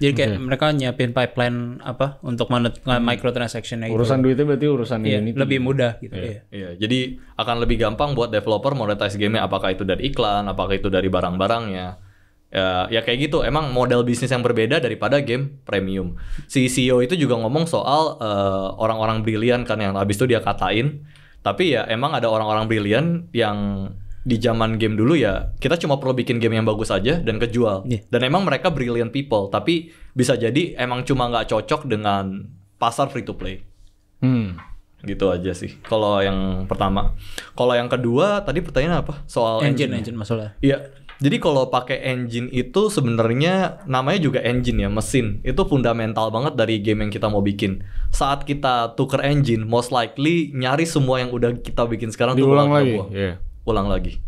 Jadi kayak okay. mereka nyiapin pipeline apa untuk menentukan hmm. microtransaction gitu. Urusan duitnya berarti urusan yeah, ini. Lebih mudah gitu. Iya. Yeah. Yeah. yeah. Jadi akan lebih gampang buat developer monetize game apakah itu dari iklan, apakah itu dari barang-barangnya. Ya, ya kayak gitu. Emang model bisnis yang berbeda daripada game premium. Si CEO itu juga ngomong soal orang eh, orang-orang brilian kan yang abis itu dia katain. Tapi ya emang ada orang-orang brilian yang di zaman game dulu ya kita cuma perlu bikin game yang bagus aja dan kejual yeah. dan emang mereka brilliant people tapi bisa jadi emang cuma nggak cocok dengan pasar free to play hmm. gitu aja sih kalau yang pertama kalau yang kedua tadi pertanyaan apa soal engine engine, engine masalah iya jadi kalau pakai engine itu sebenarnya namanya juga engine ya mesin itu fundamental banget dari game yang kita mau bikin saat kita tuker engine most likely nyari semua yang udah kita bikin sekarang diulang lagi yeah ulang lagi.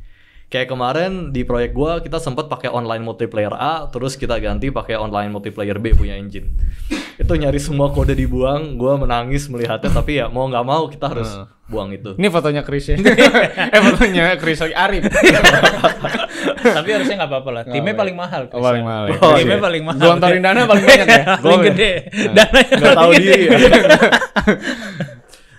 Kayak kemarin di proyek gua kita sempat pakai online multiplayer A, terus kita ganti pakai online multiplayer B punya engine. itu nyari semua kode dibuang, gua menangis melihatnya tapi ya mau nggak mau kita harus uh. buang itu. Ini fotonya Chris ya. eh fotonya Chris Arif. tapi harusnya nggak apa-apa lah. Timnya paling mahal. Chris, oh, paling mahal. Ya. Oh, Timnya iya. paling mahal. Gelontorin dana paling banyak ya. paling gede. Dana nggak tahu diri.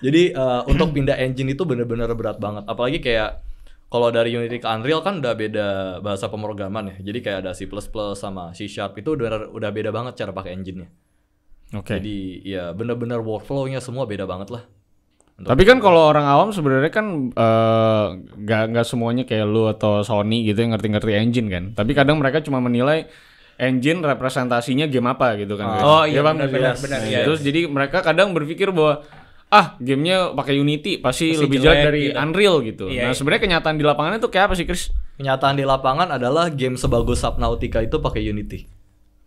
Jadi uh, untuk pindah engine itu bener-bener berat banget. Apalagi kayak kalau dari Unity ke Unreal kan udah beda bahasa pemrograman ya. Jadi kayak ada C++ sama C Sharp itu udah udah beda banget cara pakai engine-nya. Oke. Okay. Jadi ya bener-bener workflow-nya semua beda banget lah. Untuk Tapi kan kalau orang awam sebenarnya kan eh, nggak uh, nggak semuanya kayak lu atau Sony gitu yang ngerti-ngerti engine kan. Tapi kadang mereka cuma menilai engine representasinya game apa gitu kan. Oh, oh iya ya, benar benar. benar, ya. Terus iya. jadi mereka kadang berpikir bahwa ah gamenya pakai Unity pasti, pasti lebih jelek, dari gitu. Unreal gitu. Iya, nah iya. sebenarnya kenyataan di lapangan itu kayak apa sih Chris? Kenyataan di lapangan adalah game sebagus Subnautica itu pakai Unity.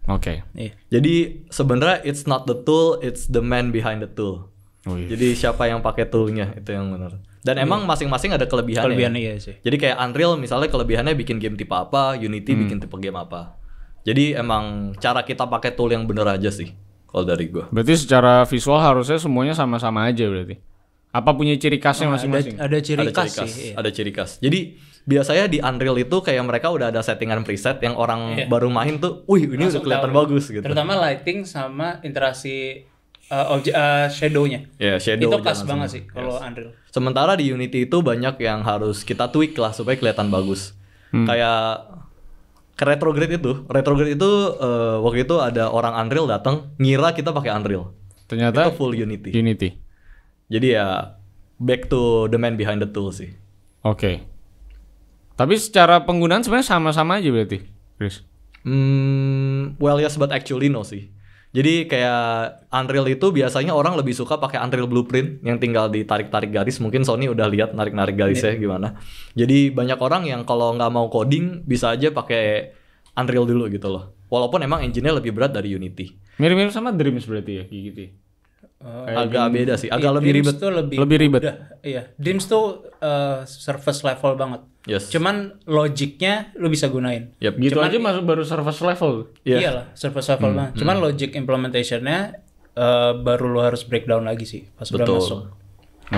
Oke. Okay. Iya. Jadi sebenarnya it's not the tool, it's the man behind the tool. Oh, iya. Jadi siapa yang pakai toolnya itu yang benar. Dan iya. emang masing-masing ada kelebihannya. Kelebihannya ya sih. Jadi kayak Unreal misalnya kelebihannya bikin game tipe apa, Unity hmm. bikin tipe game apa. Jadi emang cara kita pakai tool yang benar aja sih kalau dari gue. Berarti secara visual harusnya semuanya sama-sama aja berarti. Apa punya ciri khasnya masing-masing? Nah, ada, ada ciri ada khas, khas sih. Iya. Ada ciri khas. Jadi biasanya di Unreal itu kayak mereka udah ada settingan preset yang orang iya. baru main tuh, wih ini Langsung udah kelihatan bagus gitu. Terutama lighting sama interaksi uh, obje, uh, shadow-nya. Yeah, shadow. Itu khas banget sih kalau yes. Unreal. Sementara di Unity itu banyak yang harus kita tweak lah supaya kelihatan bagus. Hmm. Kayak ke retrograde itu retrograde itu uh, waktu itu ada orang Unreal datang ngira kita pakai Unreal ternyata itu full Unity Unity jadi ya back to the man behind the tool sih oke okay. tapi secara penggunaan sebenarnya sama-sama aja berarti Chris hmm well yes but actually no sih jadi kayak Unreal itu biasanya orang lebih suka pakai Unreal Blueprint yang tinggal ditarik-tarik garis. Mungkin Sony udah lihat narik-narik garisnya iya. gimana. Jadi banyak orang yang kalau nggak mau coding bisa aja pakai Unreal dulu gitu loh. Walaupun emang engine-nya lebih berat dari Unity. Mirip-mirip sama Dreams berarti ya, gitu. Ya? Uh, agak beda sih, agak eh, lebih ribet. Tuh lebih, lebih ribet. Udah, iya, Dreams tuh uh, surface level banget. Yes. Cuman logiknya lu bisa gunain. Yep. Gitu, gitu Cuman, aja masuk baru surface level. Iya Iyalah, surface level hmm. banget. Hmm. Cuman hmm. logic implementationnya uh, baru lu harus breakdown lagi sih pas Betul. udah masuk. Oke.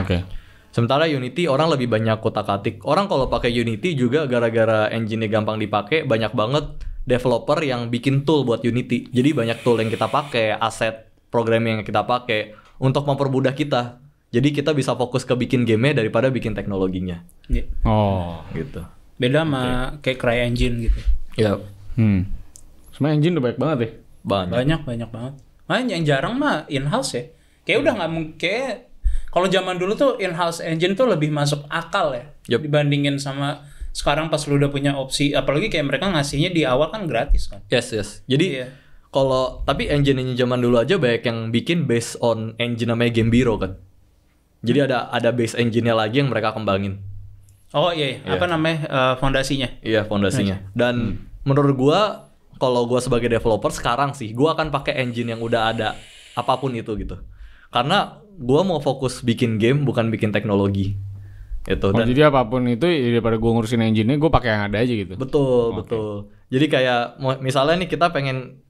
Okay. Sementara Unity orang lebih banyak kotak atik. Orang kalau pakai Unity juga gara-gara engine-nya gampang dipakai, banyak banget developer yang bikin tool buat Unity. Jadi banyak tool yang kita pakai, aset program yang kita pakai untuk mempermudah kita. Jadi kita bisa fokus ke bikin game daripada bikin teknologinya. Yeah. Oh, gitu. Beda sama okay. kayak Cry Engine gitu. Iya. Yep. Hmm. Semua engine udah banyak banget deh. Ya? Banyak. Banyak banyak banget. Main yang jarang mah in house ya. Kayak hmm. udah nggak mungkin kalau zaman dulu tuh in house engine tuh lebih masuk akal ya yep. dibandingin sama sekarang pas lu udah punya opsi apalagi kayak mereka ngasihnya di awal kan gratis kan. Yes, yes. Jadi yeah kalau tapi engine nya zaman dulu aja banyak yang bikin based on engine namanya Game Biro kan. Jadi hmm. ada ada base engine-nya lagi yang mereka kembangin. Oh iya, iya. Yeah. apa namanya uh, fondasinya? Iya, yeah, fondasinya. Dan hmm. menurut gua kalau gua sebagai developer sekarang sih gua akan pakai engine yang udah ada apapun itu gitu. Karena gua mau fokus bikin game bukan bikin teknologi. Itu. Oh, Dan, jadi apapun itu ya daripada gua ngurusin engine-nya, gua pakai yang ada aja gitu. Betul, okay. betul. Jadi kayak misalnya nih kita pengen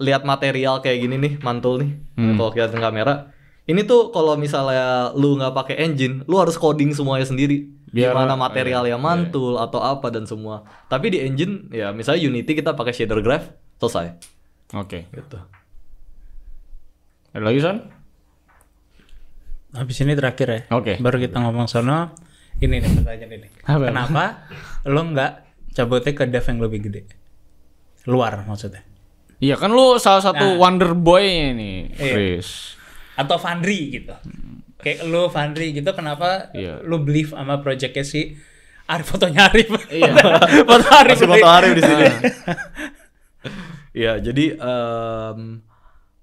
lihat material kayak gini nih mantul nih hmm. kalau kita kamera ini tuh kalau misalnya lu nggak pakai engine lu harus coding semuanya sendiri gimana oh, iya. material yang mantul iya. atau apa dan semua tapi di engine ya misalnya Unity kita pakai shader graph selesai oke okay. gitu ada lagi son habis ini terakhir ya oke okay. baru kita ngomong sono ini nih pertanyaan ini kenapa lu nggak cabutnya ke dev yang lebih gede luar maksudnya Iya kan lu salah satu nah, wonder boy ini iya. Atau Fandri gitu. Kayak lu Fandri gitu kenapa iya. lu believe sama projectnya si Arif fotonya Arif. Iya. foto Arif. Masih foto Arif di sini. Iya, jadi um,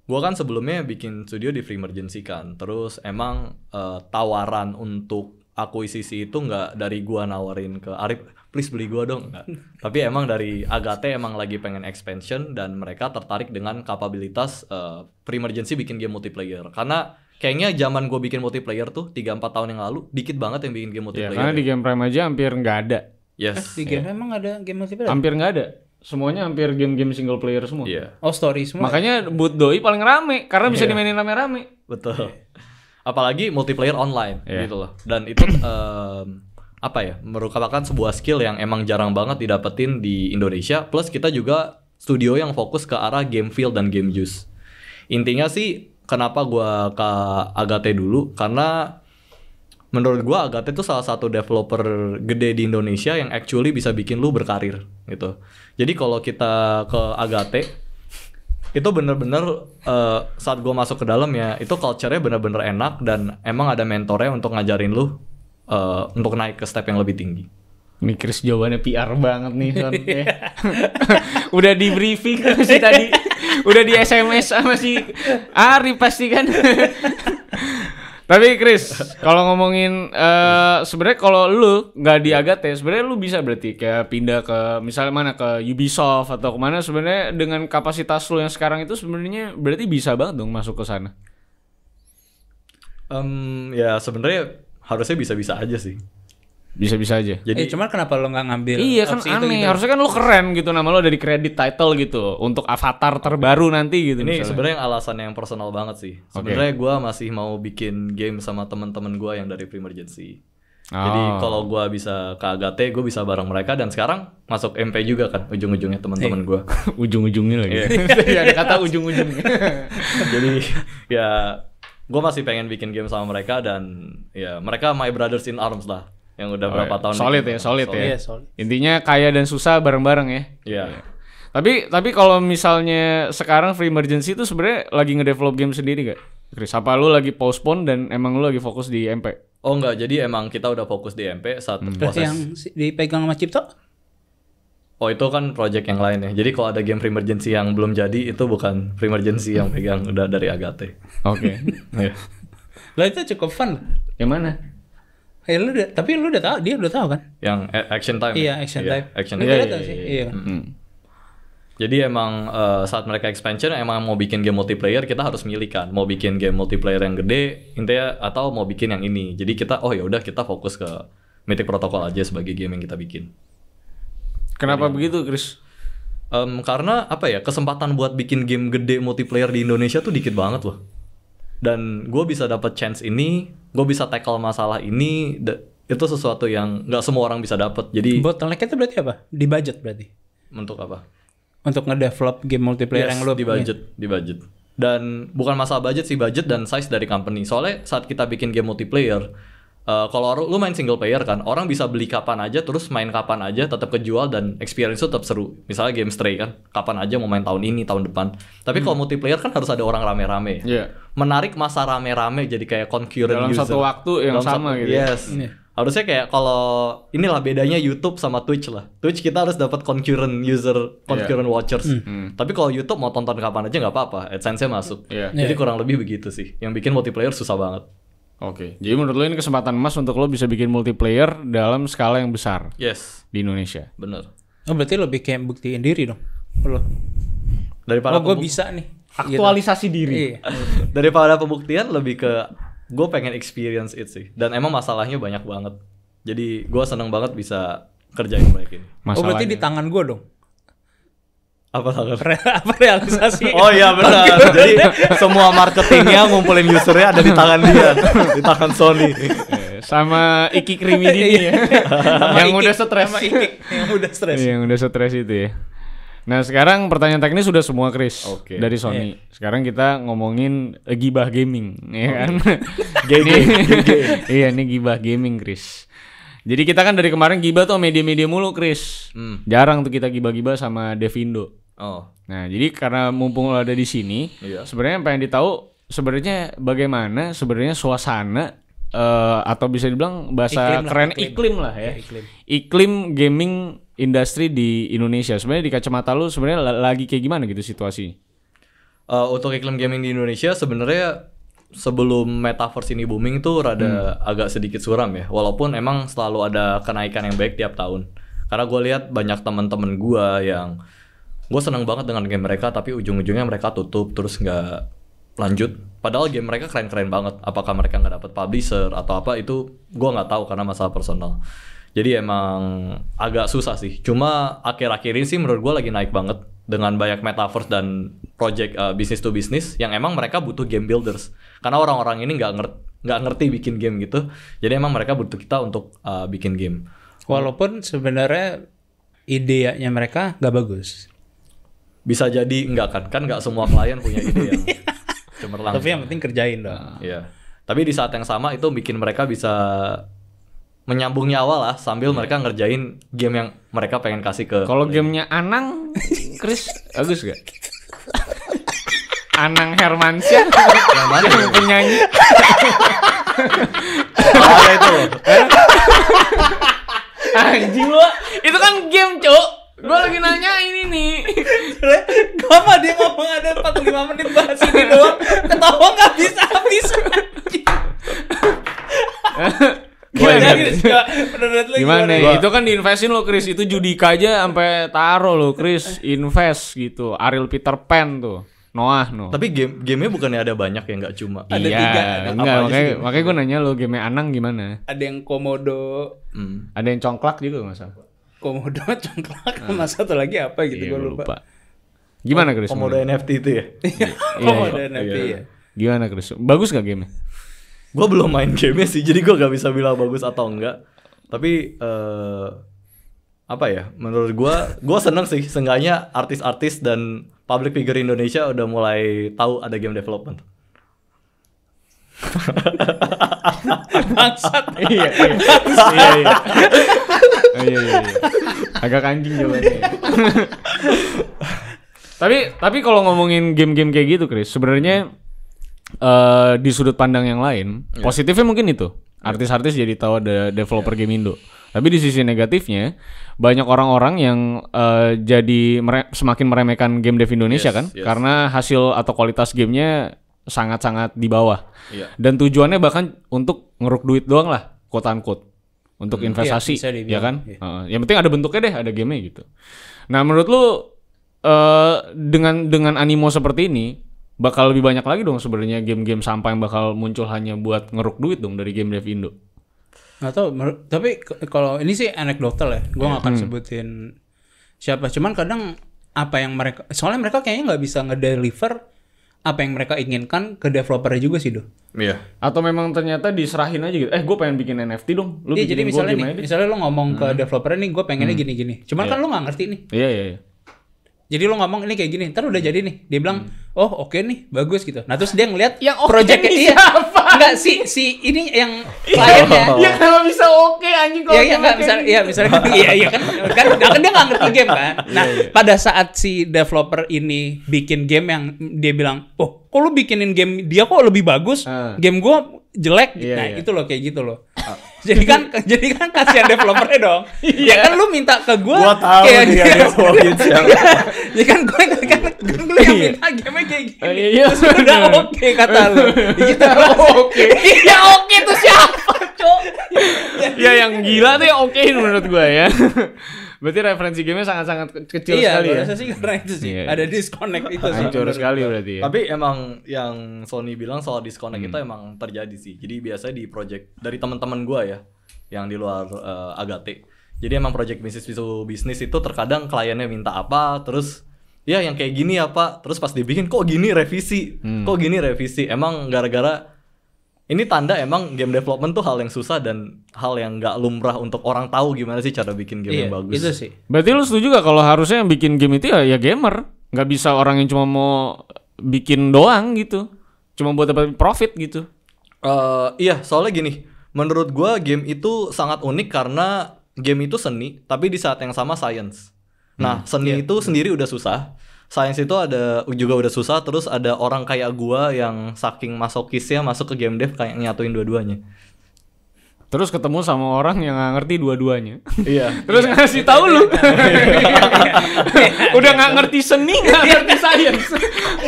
gua kan sebelumnya bikin studio di Free Emergency kan. Terus emang uh, tawaran untuk akuisisi itu nggak dari gua nawarin ke Arif please beli gua dong enggak. tapi emang dari Agate emang lagi pengen expansion dan mereka tertarik dengan kapabilitas uh, pre-emergency bikin game multiplayer karena kayaknya zaman gua bikin multiplayer tuh 3 empat tahun yang lalu dikit banget yang bikin game iya, multiplayer. Ya, karena di game Prime aja hampir nggak ada. Yes. Eh, di game yeah. emang ada game multiplayer? Hampir nggak ada. Semuanya hampir game-game single player semua. Yeah. Oh, story semua. Makanya boot doi paling rame karena bisa yeah. dimainin rame-rame. Betul. Apalagi multiplayer online yeah. gitu loh. Dan itu um, apa ya merupakan sebuah skill yang emang jarang banget didapetin di Indonesia plus kita juga studio yang fokus ke arah game feel dan game use intinya sih kenapa gue ke Agate dulu karena menurut gue Agate itu salah satu developer gede di Indonesia yang actually bisa bikin lu berkarir gitu jadi kalau kita ke Agate itu bener-bener uh, saat gue masuk ke dalam ya itu culture-nya bener-bener enak dan emang ada mentornya untuk ngajarin lu uh, untuk naik ke step yang lebih tinggi. Ini Chris jawabannya PR banget nih kan. udah di briefing sih tadi, udah di SMS sama si Ari pasti kan. Tapi Chris, kalau ngomongin uh, sebenarnya kalau lu nggak di Agate, sebenarnya lu bisa berarti kayak pindah ke misalnya mana ke Ubisoft atau kemana sebenarnya dengan kapasitas lu yang sekarang itu sebenarnya berarti bisa banget dong masuk ke sana. Um, ya sebenarnya harusnya bisa-bisa aja sih bisa-bisa aja. Jadi eh, cuma kenapa lo nggak ngambil? Iya kan aneh. Itu, gitu? Harusnya kan lo keren gitu nama lo dari kredit title gitu untuk avatar terbaru nanti gitu. Ini sebenarnya alasan yang personal banget sih. Sebenarnya okay. gue masih mau bikin game sama teman-teman gue yang dari Primergency. Oh. Jadi ah. kalau gue bisa ke Agate, gue bisa bareng mereka dan sekarang masuk MP juga kan ujung-ujungnya teman-teman iya. gue. Ujung-ujungnya lagi. Iya. iya ada kata ujung-ujungnya. Jadi ya gue masih pengen bikin game sama mereka dan ya mereka my brothers in arms lah yang udah oh, berapa ya. tahun solid ya solid, solid ya iya, solid. intinya kaya dan susah bareng-bareng ya iya yeah. tapi tapi kalau misalnya sekarang free emergency itu sebenarnya lagi ngedevelop game sendiri gak Chris apa lu lagi postpone dan emang lu lagi fokus di MP oh enggak jadi emang kita udah fokus di MP saat hmm. proses yang dipegang sama Cipto Oh itu kan project yang lain ya. Jadi kalau ada game pre-emergency yang belum jadi itu bukan pre-emergency yang pegang udah dari Agate. Oke. Okay. Iya. lah itu cukup fun. Yang mana? Eh, lu udah, tapi lu udah tahu dia udah tahu kan? Yang action time. Ya? Iya, action ya? time. action time. Iya, iya, iya. Jadi emang uh, saat mereka expansion emang mau bikin game multiplayer kita harus milih kan mau bikin game multiplayer yang gede intinya atau mau bikin yang ini. Jadi kita oh ya udah kita fokus ke Mythic Protocol aja sebagai game yang kita bikin. Kenapa Jadi, iya. begitu, Chris? Um, karena apa ya kesempatan buat bikin game gede multiplayer di Indonesia tuh dikit banget loh. Dan gue bisa dapat chance ini, gue bisa tackle masalah ini. Itu sesuatu yang nggak semua orang bisa dapat. Jadi Buat bottleneck itu berarti apa? Di budget berarti? Untuk apa? Untuk ngedevelop game multiplayer yes, yang lo di budget, ya? di budget dan bukan masalah budget sih budget dan size dari company soalnya saat kita bikin game multiplayer uh, kalau lu main single player kan orang bisa beli kapan aja terus main kapan aja tetap kejual dan experience tetap seru misalnya game Stray kan kapan aja mau main tahun ini tahun depan tapi hmm. kalau multiplayer kan harus ada orang rame-rame yeah. menarik masa rame-rame jadi kayak concurrent dalam user. satu waktu yang dalam sama satu, gitu ya? yes yeah. harusnya kayak kalau inilah bedanya YouTube sama Twitch lah Twitch kita harus dapat concurrent user iya. concurrent yeah. watchers mm. tapi kalau YouTube mau tonton kapan aja nggak apa-apa AdSense nya masuk yeah. Iya. jadi yeah. kurang lebih begitu sih yang bikin multiplayer susah banget Oke, jadi menurut lo ini kesempatan emas untuk lo bisa bikin multiplayer dalam skala yang besar. Yes. Di Indonesia. Bener. Oh berarti lebih kayak buktiin diri dong, lo. Daripada oh, gue bisa nih. Aktualisasi gitu. diri. Iya. Daripada pembuktian lebih ke gue pengen experience it sih. Dan emang masalahnya banyak banget. Jadi gue seneng banget bisa kerjain proyek ini. Masalahnya. Oh berarti di tangan gue dong apa Re apa realisasi? oh iya benar. Jadi semua marketingnya ngumpulin usernya ada di tangan dia, di tangan Sony. Eh, sama Iki Krimi ini ya. yang udah stres. Sama Iki yang udah stres. Iya, yang udah stres itu ya. Nah sekarang pertanyaan teknis sudah semua Chris okay. dari Sony. Yeah. Sekarang kita ngomongin uh, gibah gaming, ya kan? Gaming. Iya ini gibah gaming Chris. Jadi kita kan dari kemarin gibah tuh media-media mulu Chris. Hmm. Jarang tuh kita gibah-gibah sama Devindo. Oh. Nah, jadi karena mumpung lo ada di sini, iya. sebenarnya pengen ditahu sebenarnya bagaimana sebenarnya suasana uh, atau bisa dibilang bahasa iklim lah, keren iklim. iklim lah ya. ya iklim. iklim gaming industri di Indonesia. Sebenarnya di kacamata lu sebenarnya lagi kayak gimana gitu situasi? Uh, untuk iklim gaming di Indonesia sebenarnya sebelum metaverse ini booming tuh rada hmm. agak sedikit suram ya. Walaupun emang selalu ada kenaikan yang baik tiap tahun. Karena gue lihat banyak teman-teman gue yang gue senang banget dengan game mereka tapi ujung-ujungnya mereka tutup terus nggak lanjut padahal game mereka keren-keren banget apakah mereka nggak dapat publisher atau apa itu gue nggak tahu karena masalah personal jadi emang agak susah sih cuma akhir-akhir ini sih menurut gue lagi naik banget dengan banyak metaverse dan project uh, business to business yang emang mereka butuh game builders karena orang-orang ini nggak ngerti nggak ngerti bikin game gitu jadi emang mereka butuh kita untuk uh, bikin game walaupun sebenarnya idenya mereka nggak bagus bisa jadi enggak kan kan nggak semua klien punya ide yang cemerlang iya. tapi yang penting kerjain dong nah, iya tapi di saat yang sama itu bikin mereka bisa menyambung nyawa lah sambil yeah. mereka ngerjain game yang mereka pengen kasih ke kalau gamenya Anang Chris bagus gak Anang Hermansyah yang mana yang penyanyi apa itu anjing lo itu kan game cok gue lagi nanya ini nih gue kenapa dia ngomong ada 45 menit bahas ini doang ketawa gak bisa habis Gimana, gimana, gimana, ya? gimana itu kan diinvestin lo Chris itu Judika aja sampai taruh lo Chris invest gitu Ariel Peter Pan tuh Noah no. Tapi game gamenya bukannya ada banyak ya nggak cuma iya. ada iya, tiga. Ada enggak, makanya makanya gue nanya lo game Anang gimana? Ada yang komodo, hmm. ada yang congklak juga nggak komodo congklak hmm. sama satu lagi apa gitu iya, gue lupa. lupa. Gimana Chris? Komodo NFT itu ya? Iya, iya. Iya, komodo NFT ya. Gimana Chris? Bagus gak game Gue belum main game sih, jadi gue gak bisa bilang bagus atau enggak. Tapi uh, apa ya? Menurut gue, gue seneng sih. Seenggaknya artis-artis dan public figure Indonesia udah mulai tahu ada game development. Bangsat. iya, iya. iya, iya. Oh, iya, iya, iya. Agak anjing jawabannya. tapi tapi kalau ngomongin game-game kayak gitu, Chris, sebenarnya uh, di sudut pandang yang lain, yeah. positifnya mungkin itu. Artis-artis jadi tahu ada developer yeah. game Indo. Tapi di sisi negatifnya, banyak orang-orang yang uh, jadi mere semakin meremehkan game dev Indonesia yes, kan, yes. karena hasil atau kualitas gamenya sangat-sangat di bawah. Iya. Dan tujuannya bahkan untuk ngeruk duit doang lah, quote unquote. Untuk hmm, iya, investasi, iya, ya kan? Iya. Uh, yang penting ada bentuknya deh, ada gamenya gitu. Nah, menurut lu uh, dengan dengan animo seperti ini bakal lebih banyak lagi dong sebenarnya game-game sampah yang bakal muncul hanya buat ngeruk duit dong dari game dev Indo. Gak tau, tapi kalau ini sih anekdotal ya, gue yeah. gak akan hmm. sebutin siapa. Cuman kadang apa yang mereka, soalnya mereka kayaknya nggak bisa ngedeliver apa yang mereka inginkan ke developer juga sih, do. Iya. Atau memang ternyata diserahin aja gitu. Eh, gue pengen bikin NFT dong. Lu iya, jadi misalnya nih, misalnya lu ngomong hmm. ke developer nih, gue pengennya hmm. gini-gini. Hmm. Cuman yeah. kan lu nggak ngerti nih. Iya, yeah, iya, yeah, Yeah. Jadi lo ngomong ini kayak gini, ntar udah jadi nih. Dia bilang, hmm. oh oke nih, bagus gitu. Nah terus dia ngeliat proyeknya okay projectnya iya. Apa? Enggak si si ini yang kliennya. Oh. oh. Ya kalau bisa oke okay, anjing kalau. Ya iya enggak iya, misalnya iya misalnya kan, iya iya kan kan, kan dia nggak ngerti game kan. Iya, nah iya. pada saat si developer ini bikin game yang dia bilang, oh kok lu bikinin game dia kok lebih bagus, ah. game gua jelek. Yeah, nah itu loh kayak gitu loh. Ah jadi kan jadi kan kasihan developernya dong iya. ya kan lu minta ke gue gue tahu kayak dia ya, Jadi ya kan gue kan kan yang iya. minta game kayak gini oh, iya sudah iya. oke okay, kata lu kita oh, oke ya oke tuh siapa cok ya yang gila tuh ya okein menurut gue ya berarti referensi gamenya sangat-sangat kecil iya, sekali ya. Iya, sih karena itu sih. Iya, iya. Ada disconnect itu sih. Hancur sekali berarti ya. Tapi emang yang Sony bilang soal disconnect hmm. itu emang terjadi sih. Jadi biasanya di project dari teman-teman gua ya yang di luar uh, Agate. Jadi emang project bisnis bisnis itu terkadang kliennya minta apa, terus ya yang kayak gini apa, ya, Terus pas dibikin kok gini revisi, hmm. kok gini revisi. Emang gara-gara ini tanda emang game development tuh hal yang susah dan hal yang nggak lumrah untuk orang tahu gimana sih cara bikin game iya, yang bagus. Itu sih. Berarti lu setuju gak kalau harusnya yang bikin game itu ya, ya gamer, nggak bisa orang yang cuma mau bikin doang gitu, cuma buat dapat profit gitu. Uh, iya, soalnya gini, menurut gua game itu sangat unik karena game itu seni, tapi di saat yang sama science. Nah, hmm, seni iya. itu sendiri udah susah Sains itu ada juga udah susah terus ada orang kayak gua yang saking masokisnya masuk ke game dev kayak nyatuin dua-duanya terus ketemu sama orang yang gak ngerti dua-duanya iya terus iya. ngasih tahu lu udah nggak ngerti seni nggak ngerti sains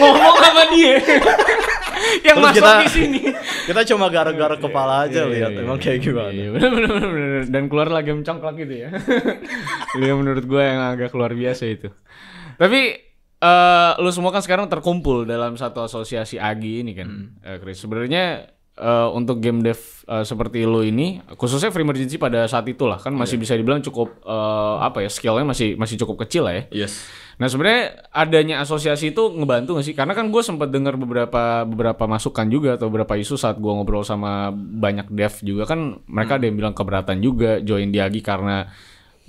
ngomong sama dia yang terus masuk di sini kita cuma gara-gara iya, kepala aja iya, lihat iya, emang kayak iya, gimana bener, bener, dan keluar lagi mencongklak gitu ya Iya menurut gue yang agak luar biasa itu tapi uh, lu semua kan sekarang terkumpul dalam satu asosiasi Agi ini kan, hmm. uh, Chris. Sebenarnya uh, untuk game dev uh, seperti lu ini, khususnya Free Emergency pada saat itu lah kan masih yeah. bisa dibilang cukup uh, apa ya skillnya masih masih cukup kecil lah ya. Yes. Nah sebenarnya adanya asosiasi itu ngebantu gak sih? Karena kan gue sempat dengar beberapa beberapa masukan juga atau beberapa isu saat gue ngobrol sama banyak dev juga kan mereka hmm. ada yang bilang keberatan juga join di Agi karena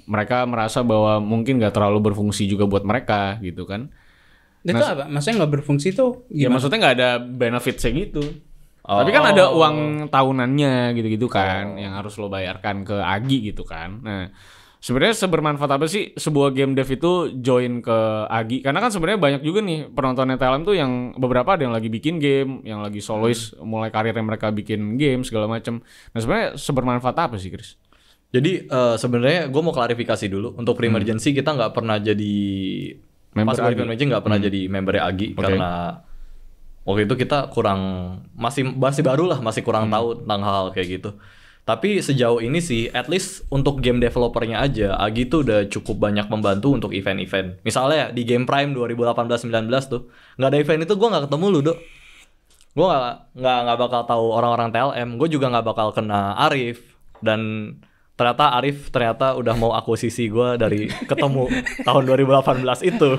mereka merasa bahwa mungkin gak terlalu berfungsi juga buat mereka gitu kan. Itu Mas apa? Maksudnya nggak berfungsi tuh? Ya, gimana? Ya maksudnya nggak ada benefit segitu. Oh. Tapi kan ada oh. uang tahunannya gitu-gitu kan, oh. yang harus lo bayarkan ke Agi gitu kan. Nah, sebenarnya sebermanfaat apa sih sebuah game dev itu join ke Agi? Karena kan sebenarnya banyak juga nih penontonnya Thailand tuh yang beberapa ada yang lagi bikin game, yang lagi solois hmm. mulai karirnya mereka bikin game segala macam. Nah, sebenarnya sebermanfaat apa sih, Chris? Jadi uh, sebenarnya gue mau klarifikasi dulu untuk pre-emergency hmm. kita nggak pernah jadi member Pas gue di nggak pernah hmm. jadi membernya Agi okay. karena waktu itu kita kurang masih masih baru lah masih kurang hmm. tahu tentang hal-hal kayak gitu. Tapi sejauh ini sih, at least untuk game developernya aja, Agi tuh udah cukup banyak membantu untuk event-event. Misalnya di game Prime 2018-19 tuh, nggak ada event itu gue nggak ketemu lu, Dok. Gue nggak nggak bakal tahu orang-orang TLM, gue juga nggak bakal kena Arif dan ternyata Arif ternyata udah mau akuisisi gue dari ketemu tahun 2018 itu.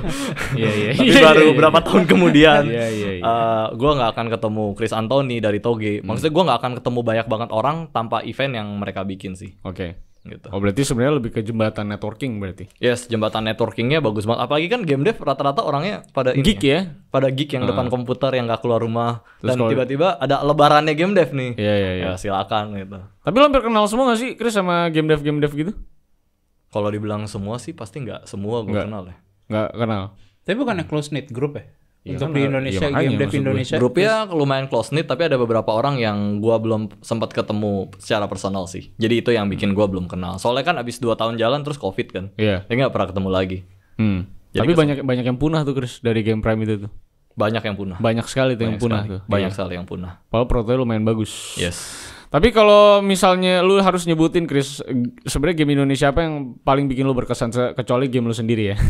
Yeah, yeah, Tapi yeah, baru yeah, iya, iya. berapa tahun kemudian yeah, yeah, yeah. uh, gue nggak akan ketemu Chris Anthony dari Toge. Hmm. Maksudnya gue nggak akan ketemu banyak banget orang tanpa event yang mereka bikin sih. Oke. Okay gitu. Oh berarti sebenarnya lebih ke jembatan networking berarti? Yes, jembatan networkingnya bagus banget. Apalagi kan game dev rata-rata orangnya pada ini geek ya, ya? pada geek yang uh. depan komputer yang gak keluar rumah Terus dan kalau... tiba-tiba ada lebarannya game dev nih. Iya iya iya. Ya, silakan gitu. Tapi lo hampir kenal semua gak sih Chris sama game dev game dev gitu? Kalau dibilang semua sih pasti nggak semua gue kenal ya. Nggak kenal. Tapi bukannya close knit group ya? Ya untuk di iya, Indonesia ya game dev Indonesia grupnya lumayan close knit tapi ada beberapa orang yang gua belum sempat ketemu secara personal sih jadi itu yang bikin gua belum kenal soalnya kan abis 2 tahun jalan terus covid kan yeah. jadi nggak pernah ketemu lagi hmm. jadi tapi banyak banyak yang punah tuh Chris dari game prime itu tuh banyak yang punah banyak sekali tuh banyak yang punah sekali. tuh banyak yeah. sekali yang punah padahal protonya lumayan bagus yes tapi kalau misalnya lu harus nyebutin Chris sebenarnya game Indonesia apa yang paling bikin lu berkesan kecuali game lu sendiri ya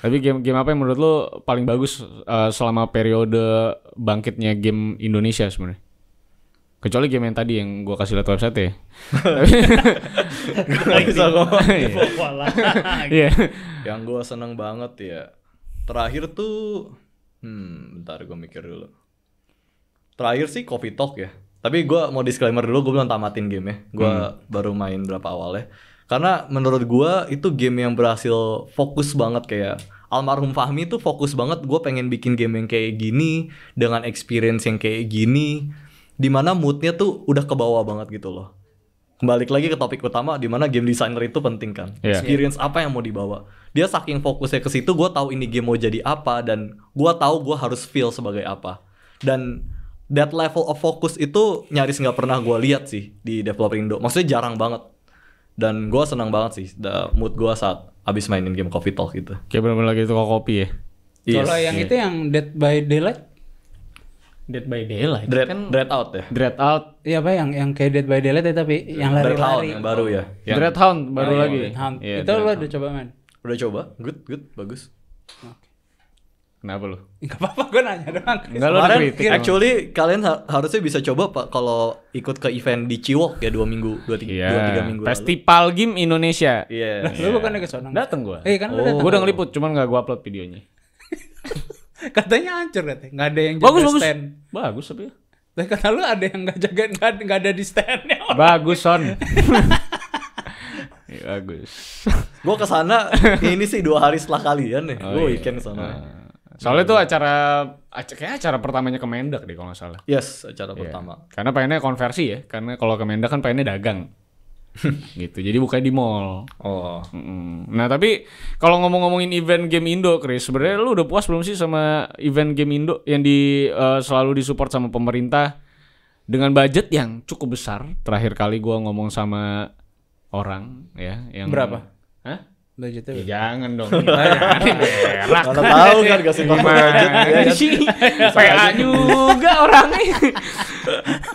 Tapi game-game apa yang menurut lo paling bagus uh, selama periode bangkitnya game Indonesia sebenarnya? Kecuali game yang tadi yang gue kasih lihat website ya. bisa iya. iya. Yang gue seneng banget ya. Terakhir tuh, hmm, bentar gue mikir dulu. Terakhir sih Coffee Talk ya. Tapi gue mau disclaimer dulu, gue belum tamatin game ya. Gue hmm. baru main berapa awal ya karena menurut gue itu game yang berhasil fokus banget kayak almarhum Fahmi tuh fokus banget gue pengen bikin game yang kayak gini dengan experience yang kayak gini dimana moodnya tuh udah kebawa banget gitu loh kembali lagi ke topik utama dimana game designer itu penting kan yeah. experience apa yang mau dibawa dia saking fokusnya ke situ gue tahu ini game mau jadi apa dan gue tahu gue harus feel sebagai apa dan that level of focus itu nyaris nggak pernah gue lihat sih di developer Indo maksudnya jarang banget dan gue senang banget sih the mood gue saat abis mainin game Coffee Talk gitu kayak bener-bener lagi tukang kopi ya yes. yang yeah. itu yang Dead by Daylight Dead by Daylight Dread, kan Dread Out ya Dread Out iya apa yang yang kayak Dead by Daylight ya, tapi yang lari-lari Dread Hound yang baru ya yang... Oh, iya, Dread Hound baru iya, lagi itu lo udah coba main udah coba good good bagus Kenapa lu? Enggak apa-apa, gue nanya doang. Enggak lu kritik. Actually emang. kalian ha harusnya bisa coba Pak kalau ikut ke event di Ciwok ya 2 minggu, 2 3 yeah. minggu. Festival lalu. Game Indonesia. Iya. Yeah. Nah, lu bukan ke sana. Dateng gua. Eh, kan oh. lu dateng. Gua udah ngeliput, cuman enggak gua upload videonya. katanya hancur katanya. Enggak ada yang jaga bagus, stand. Bagus, bagus tapi. Tapi kata lu ada yang enggak jaga enggak ada di standnya. Bagus, Son. Iya, bagus. gua kesana ini sih dua hari setelah kalian nih. Oh, gua iya. weekend sana. Uh. Soalnya itu iya, iya. acara kayak acara pertamanya Kemendak deh kalau nggak salah. Yes, acara yeah. pertama. Karena pengennya konversi ya, karena kalau Kemendak kan pengennya dagang. gitu. Jadi bukannya di mall. Oh. Nah, tapi kalau ngomong-ngomongin event game Indo, Chris, sebenarnya lu udah puas belum sih sama event game Indo yang di uh, selalu disupport sama pemerintah dengan budget yang cukup besar. Terakhir kali gua ngomong sama orang ya yang Berapa? Hah? Budget ya, iya, jangan dong. Berak. Iya, iya. tahu kan gak sih budget. PA juga orangnya.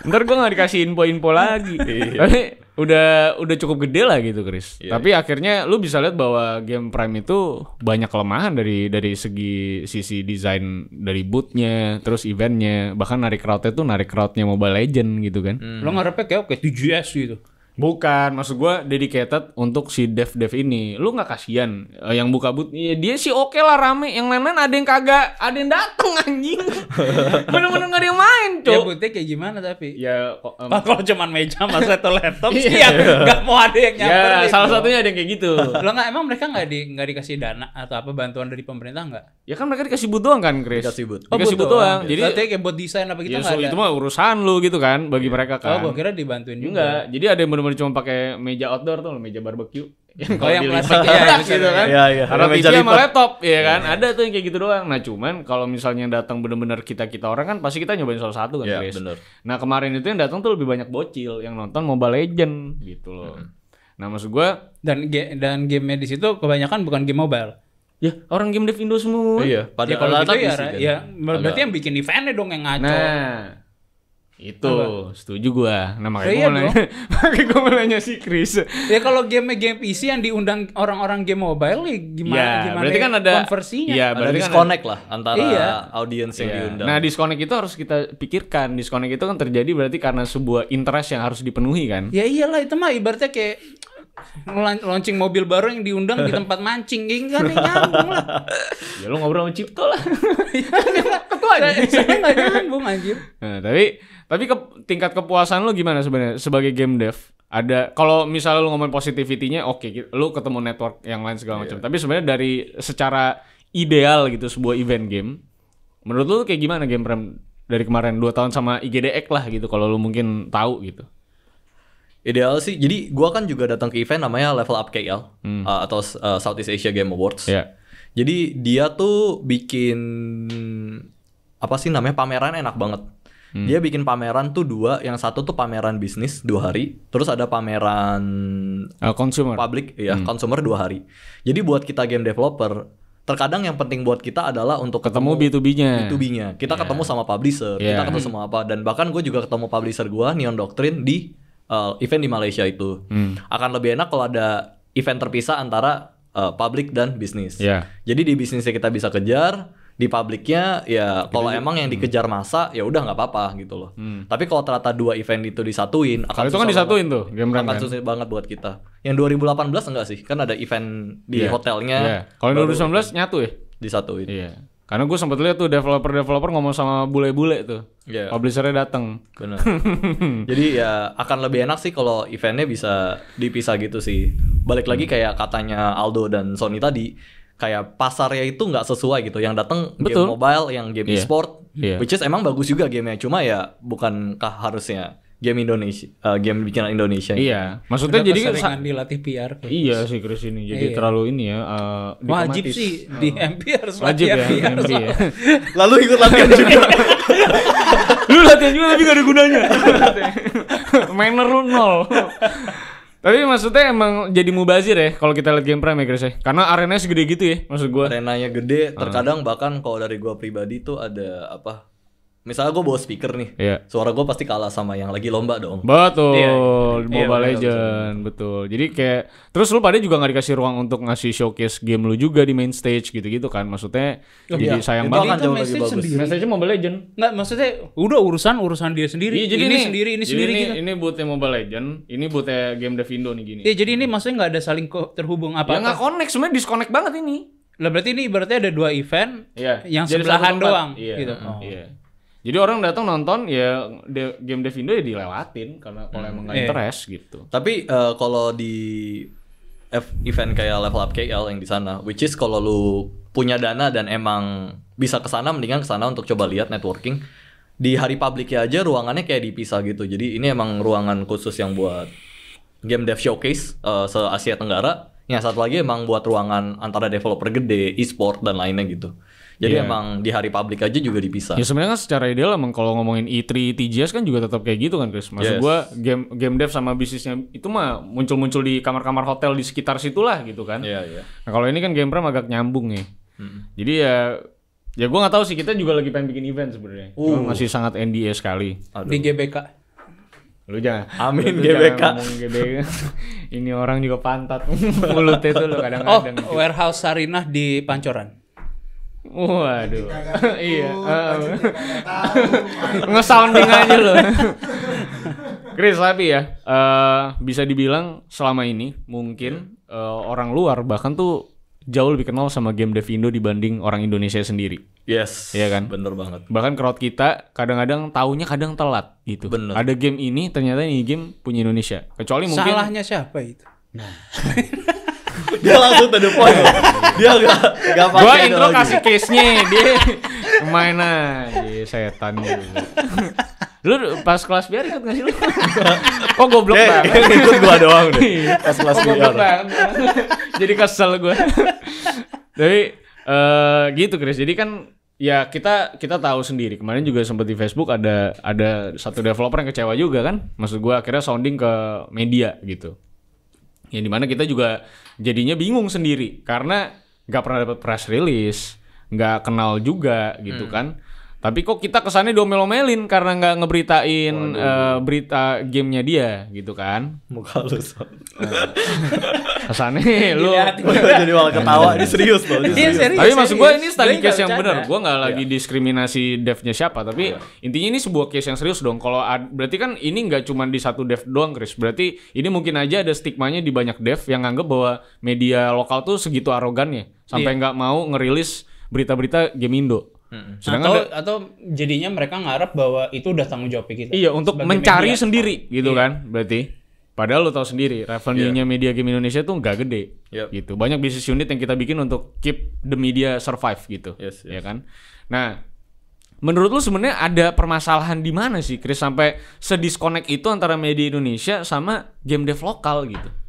Ntar gue gak dikasih info-info lagi. Tapi udah udah cukup gede lah gitu, Chris. Yeah, Tapi yeah. akhirnya lu bisa lihat bahwa game Prime itu banyak kelemahan dari dari segi sisi desain dari bootnya, terus eventnya, bahkan narik crowdnya tuh narik crowdnya Mobile Legend gitu kan. Hmm. Lo ngarepnya kayak oke 7S gitu. Bukan, maksud gue dedicated untuk si dev dev ini. Lu nggak kasihan uh, yang buka but? Iya dia sih oke okay lah rame. Yang lain-lain ada yang kagak, ada yang dateng anjing. Bener-bener nggak ada yang main, cuy. Ya butik kayak gimana tapi? Ya um, kalau cuman meja mas satu laptop sih ya nggak mau ada yang ya, nyamperin. Ya, salah satunya ada yang kayak gitu. Lo nggak emang mereka nggak di nggak dikasih dana atau apa bantuan dari pemerintah nggak? Ya kan mereka dikasih but doang kan, Chris? Dikasih but. Oh, dikasih but doang. Jadi Berarti kayak buat desain apa gitu ya, so, Itu mah urusan lu gitu kan bagi iya. mereka oh, kan. Oh, gue kira dibantuin iya, juga. Enggak. Jadi ada yang bener-bener kalau cuma pakai meja outdoor tuh, meja barbecue. Yang oh, kalau yang plastik ya, gitu ya. kan. Iya, iya. Karena TV sama laptop, ya kan. Iya, iya. Ada tuh yang kayak gitu doang. Nah, cuman kalau misalnya datang benar-benar kita-kita orang kan pasti kita nyobain salah satu kan, yeah, guys. Bener. Nah, kemarin itu yang datang tuh lebih banyak bocil yang nonton Mobile Legend gitu loh. Hmm. Nah, maksud gua dan ge dan game di situ kebanyakan bukan game mobile. Ya, orang game dev Indo semua. iya, pada ya, kalau gitu ya, kan. ya, berarti yang bikin eventnya dong yang ngaco. Nah, itu, Apa? setuju gua. Nah, makanya iya gue nanya, makanya gue nanya si Chris. Ya kalau game-game PC yang diundang orang-orang game mobile ya gimana ya, gimana berarti kan ada konversinya. ya, berarti ada kan disconnect kan ada, lah antara iya. audiens yang iya. diundang. Nah, disconnect itu harus kita pikirkan. Disconnect itu kan terjadi berarti karena sebuah interest yang harus dipenuhi kan? Ya iyalah itu mah ibaratnya kayak launching mobil baru yang diundang di tempat mancing ya kan nih nyambung lah ya lu ngobrol sama Cipto lah iya, ketua aja saya gak nyambung anjir nah, tapi tapi ke, tingkat kepuasan lu gimana sebenarnya sebagai game dev? Ada kalau misalnya lu ngomong positivity-nya oke, okay, gitu. lu ketemu network yang lain segala macam. Yeah. Tapi sebenarnya dari secara ideal gitu sebuah event game, menurut lu kayak gimana game prem dari kemarin 2 tahun sama IGDX lah gitu kalau lu mungkin tahu gitu. Ideal sih. Jadi gua kan juga datang ke event namanya Level Up KL hmm. uh, atau uh, Southeast Asia Game Awards. Yeah. Jadi dia tuh bikin apa sih namanya pameran enak banget Hmm. Dia bikin pameran tuh dua, yang satu tuh pameran bisnis dua hari, terus ada pameran uh, consumer public, ya hmm. consumer dua hari. Jadi buat kita game developer, terkadang yang penting buat kita adalah untuk ketemu, ketemu B2B-nya. B2B-nya. Kita yeah. ketemu sama publisher, yeah. kita iya. ketemu sama apa dan bahkan gue juga ketemu publisher gue Neon Doctrine di uh, event di Malaysia itu. Hmm. Akan lebih enak kalau ada event terpisah antara uh, public dan bisnis. Yeah. Jadi di bisnisnya kita bisa kejar di publiknya ya kalau emang yang hmm. dikejar masa ya udah nggak apa-apa gitu loh. Hmm. Tapi kalau ternyata dua event itu disatuin akan itu kan disatuin tuh game Akan kan? susah banget buat kita. Yang 2018 enggak sih? Kan ada event di yeah. hotelnya. Yeah. Kalau 2019 nyatu ya? Disatuin. Iya. Yeah. Karena gue sempet lihat tuh developer-developer ngomong sama bule-bule tuh. Yeah. Publishernya dateng. Jadi ya akan lebih enak sih kalau eventnya bisa dipisah gitu sih. Balik lagi hmm. kayak katanya Aldo dan Sony tadi kayak pasarnya itu nggak sesuai gitu. Yang datang game mobile, yang game yeah. e-sport, yeah. which is emang bagus juga gamenya. Cuma ya bukankah harusnya game Indonesia, uh, game bikinan Indonesia. Iya, maksudnya Kenapa jadi kan dilatih PR. Kayak. Iya sih Chris ini, jadi iya. terlalu ini ya. Uh, wajib sih uh, di oh. MP harus wajib ya, PR, MP ya. Lalu ikut latihan juga. lu latihan juga tapi gak ada gunanya. Mainer lu nol. Tapi maksudnya emang jadi mubazir ya kalau kita lihat game prime ya Chris ya. Karena arenanya segede gitu ya maksud gua. Arenanya gede, ah. terkadang bahkan kalau dari gua pribadi tuh ada apa Misalnya gue bawa speaker nih, yeah. suara gue pasti kalah sama yang lagi lomba dong. Betul, yeah, iya, Mobile yeah, iya, Legend, betul. Jadi kayak, terus lu pada juga nggak dikasih ruang untuk ngasih showcase game lu juga di main stage gitu-gitu kan? Maksudnya, oh, jadi yeah. sayang banget. Kan jadi itu message sendiri. Message Mobile Legend. Nggak, maksudnya udah urusan urusan dia sendiri. Iya, jadi ini, ini sendiri, ini sendiri. Ini, gitu. ini buatnya Mobile Legend, ini buatnya game Devindo nih gini. Iya, jadi ini maksudnya nggak ada saling terhubung apa? Ya nggak connect, sebenarnya disconnect banget ini. Lah berarti ini berarti ada dua event yeah. yang sebelahan doang, yeah. gitu. Iya. Oh. Yeah jadi orang datang nonton ya de game Devindo ya dilewatin karena kalau hmm. emang gak iya. interest yeah. gitu. Tapi uh, kalau di F event kayak level up KL yang di sana, which is kalau lu punya dana dan emang bisa ke sana mendingan ke sana untuk coba lihat networking. Di hari publiknya aja ruangannya kayak dipisah gitu. Jadi ini emang ruangan khusus yang buat game dev showcase uh, eh, se Asia Tenggara. Yang satu lagi emang buat ruangan antara developer gede, e-sport dan lainnya gitu. Jadi yeah. emang di hari publik aja juga dipisah. Ya sebenarnya kan secara ideal emang kalau ngomongin E3, TGS kan juga tetap kayak gitu kan Chris. Maksud yes. gua game game dev sama bisnisnya itu mah muncul-muncul di kamar-kamar hotel di sekitar situlah gitu kan. Iya, yeah, iya. Yeah. Nah, kalau ini kan game agak nyambung nih. Hmm. Jadi ya ya gua nggak tahu sih kita juga lagi pengen bikin event sebenarnya. Uh. masih sangat NDA sekali. Aduh. Di GBK lu jangan amin lu GBK jangan GBK ini orang juga pantat mulutnya itu lo oh, kadang-kadang oh warehouse Sarinah di Pancoran Waduh. Gitu, iya. Ngesounding aja loh. Chris tapi ya uh, bisa dibilang selama ini mungkin uh, orang luar bahkan tuh jauh lebih kenal sama game dev Indo dibanding orang Indonesia sendiri. Yes. Iya kan? Bener banget. Bahkan crowd kita kadang-kadang tahunya kadang telat gitu. Bener. Ada game ini ternyata ini game punya Indonesia. Kecuali mungkin Salahnya siapa itu? Nah. dia langsung to the point dia gak gak pake gua intro lagi. kasih case nya dia mainan aja setan lu pas kelas biar ikut gak sih lu kok goblok belum eh, banget ikut gua doang deh iya. pas kelas kok biar jadi kesel gua tapi uh, gitu Chris jadi kan ya kita kita tahu sendiri kemarin juga sempat di Facebook ada ada satu developer yang kecewa juga kan maksud gue akhirnya sounding ke media gitu yang dimana kita juga jadinya bingung sendiri karena nggak pernah dapat press release nggak kenal juga gitu hmm. kan tapi kok kita kesannya diomel-omelin karena nggak ngeberitain Waduh. uh, berita gamenya dia gitu kan? Muka lu so. Eh, kesannya lu jadi wal ketawa ini serius loh. Ini iya, serius. serius. Tapi maksud gue ini study case yang benar. Gue nggak lagi iya. diskriminasi devnya siapa, tapi yeah. intinya ini sebuah case yang serius dong. Kalau berarti kan ini nggak cuma di satu dev doang, Chris. Berarti ini mungkin aja ada stigmanya di banyak dev yang nganggep bahwa media lokal tuh segitu arogannya sampai iya. nggak yeah. mau ngerilis berita-berita game Indo. Sedangkan atau, atau jadinya mereka ngarep bahwa itu udah tanggung jawab kita. Iya, untuk mencari media. sendiri gitu iya. kan berarti. Padahal lo tau sendiri revenue-nya yeah. media game Indonesia tuh nggak gede yep. Iya. gitu. Banyak bisnis unit yang kita bikin untuk keep the media survive gitu. Yes, yes. Ya kan? Nah, menurut lo sebenarnya ada permasalahan di mana sih Chris sampai sedisconnect itu antara media Indonesia sama game dev lokal gitu?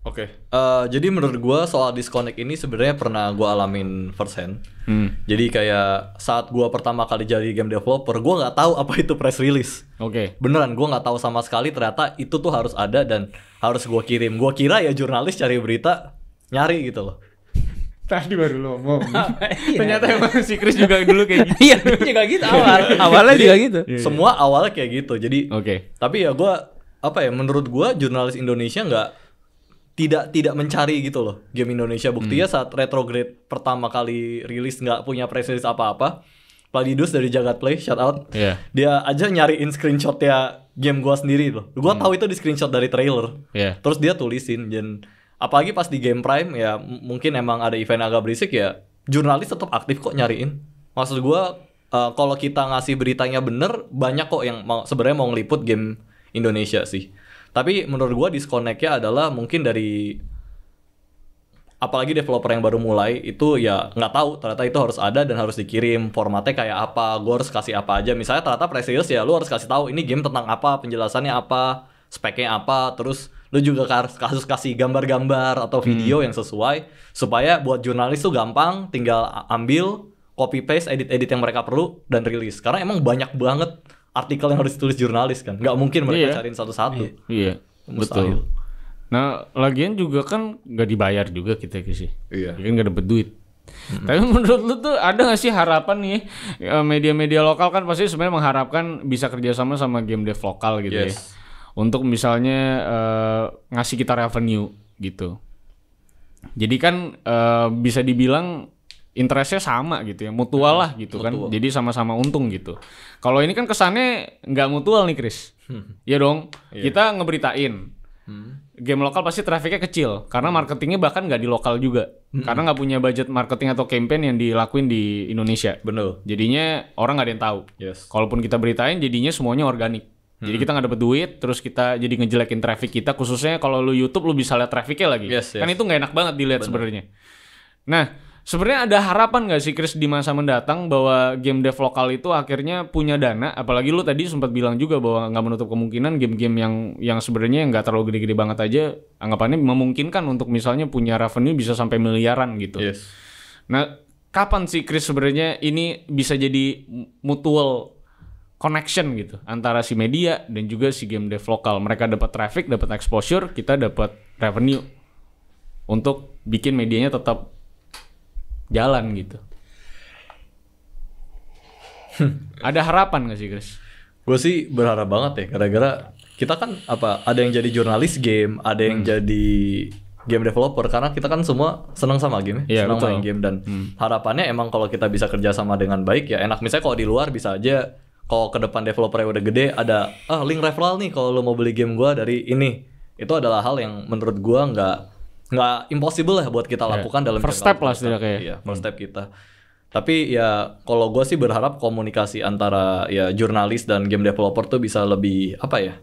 Oke. Okay. Uh, eh, jadi menurut gue soal disconnect ini sebenarnya pernah gue alamin first hand. Hmm. Jadi kayak saat gue pertama kali jadi game developer, gue nggak tahu apa itu press release. Oke. Okay. Beneran gue nggak tahu sama sekali. Ternyata itu tuh harus ada dan harus gue kirim. Gue kira ya jurnalis cari berita nyari gitu loh. Tadi baru lo ngomong. Iya. Ternyata emang si Chris juga dulu kayak gitu. Iya, gitu. Iya. iya, juga gitu awal. Awalnya juga gitu. Semua awalnya kayak gitu. Jadi Oke. Okay. Tapi ya gue apa ya menurut gue jurnalis Indonesia nggak tidak tidak mencari gitu loh game Indonesia buktinya hmm. saat retrograde pertama kali rilis nggak punya press apa-apa Palidus dari Jagat Play shout out yeah. dia aja nyariin ya game gua sendiri loh gua hmm. tahu itu di screenshot dari trailer yeah. terus dia tulisin dan apalagi pas di game Prime ya mungkin emang ada event agak berisik ya jurnalis tetap aktif kok nyariin maksud gua uh, kalau kita ngasih beritanya bener banyak kok yang mau sebenarnya mau ngeliput game Indonesia sih tapi menurut gua disconnect-nya adalah mungkin dari apalagi developer yang baru mulai itu ya nggak tahu ternyata itu harus ada dan harus dikirim formatnya kayak apa gue harus kasih apa aja misalnya ternyata presius ya lu harus kasih tahu ini game tentang apa penjelasannya apa speknya apa terus lu juga kasus kasih gambar-gambar atau hmm. video hmm. yang sesuai supaya buat jurnalis tuh gampang tinggal ambil copy paste edit-edit yang mereka perlu dan rilis karena emang banyak banget artikel yang harus ditulis jurnalis kan. Nggak mungkin mereka yeah. cariin satu-satu. Iya. yeah. Yeah. Betul. Nah, lagian juga kan nggak dibayar juga kita sih. Iya. Kan nggak dapet duit. hmm Tapi menurut lu tuh ada gak sih harapan nih ya, media-media lokal kan pasti sebenarnya mengharapkan bisa kerjasama sama game dev lokal gitu ya. yes. ya, untuk misalnya uh, ngasih kita revenue gitu. Jadi kan uh, bisa dibilang interestnya sama gitu ya mutual lah hmm, gitu kan. mutual. kan jadi sama-sama untung gitu kalau ini kan kesannya nggak mutual nih Chris hmm. Iya ya dong yeah. kita ngeberitain hmm. game lokal pasti trafiknya kecil karena hmm. marketingnya bahkan nggak di lokal juga hmm. karena nggak punya budget marketing atau campaign yang dilakuin di Indonesia benar jadinya orang nggak ada yang tahu yes. kalaupun kita beritain jadinya semuanya organik hmm. jadi kita nggak dapet duit, terus kita jadi ngejelekin traffic kita, khususnya kalau lu YouTube lu bisa lihat trafficnya lagi, yes, yes. kan itu nggak enak banget dilihat sebenarnya. Nah, Sebenarnya ada harapan nggak sih Chris di masa mendatang bahwa game dev lokal itu akhirnya punya dana? Apalagi lu tadi sempat bilang juga bahwa nggak menutup kemungkinan game-game yang yang sebenarnya yang nggak terlalu gede-gede banget aja anggapannya memungkinkan untuk misalnya punya revenue bisa sampai miliaran gitu. Yes. Nah, kapan sih Chris sebenarnya ini bisa jadi mutual connection gitu antara si media dan juga si game dev lokal. Mereka dapat traffic, dapat exposure, kita dapat revenue untuk bikin medianya tetap jalan gitu. ada harapan gak sih, Chris? Gue sih berharap banget ya, gara-gara kita kan apa ada yang jadi jurnalis game, ada yang hmm. jadi game developer karena kita kan semua senang sama game, ya, iya, senang main game dan hmm. harapannya emang kalau kita bisa kerja sama dengan baik ya enak misalnya kalau di luar bisa aja kalau ke depan developer yang udah gede ada ah link referral nih kalau lo mau beli game gua dari ini itu adalah hal yang menurut gua nggak nggak impossible lah buat kita iya. lakukan yeah. dalam first step lah setidaknya iya first hmm. step kita tapi ya kalau gue sih berharap komunikasi antara ya jurnalis dan game developer tuh bisa lebih apa ya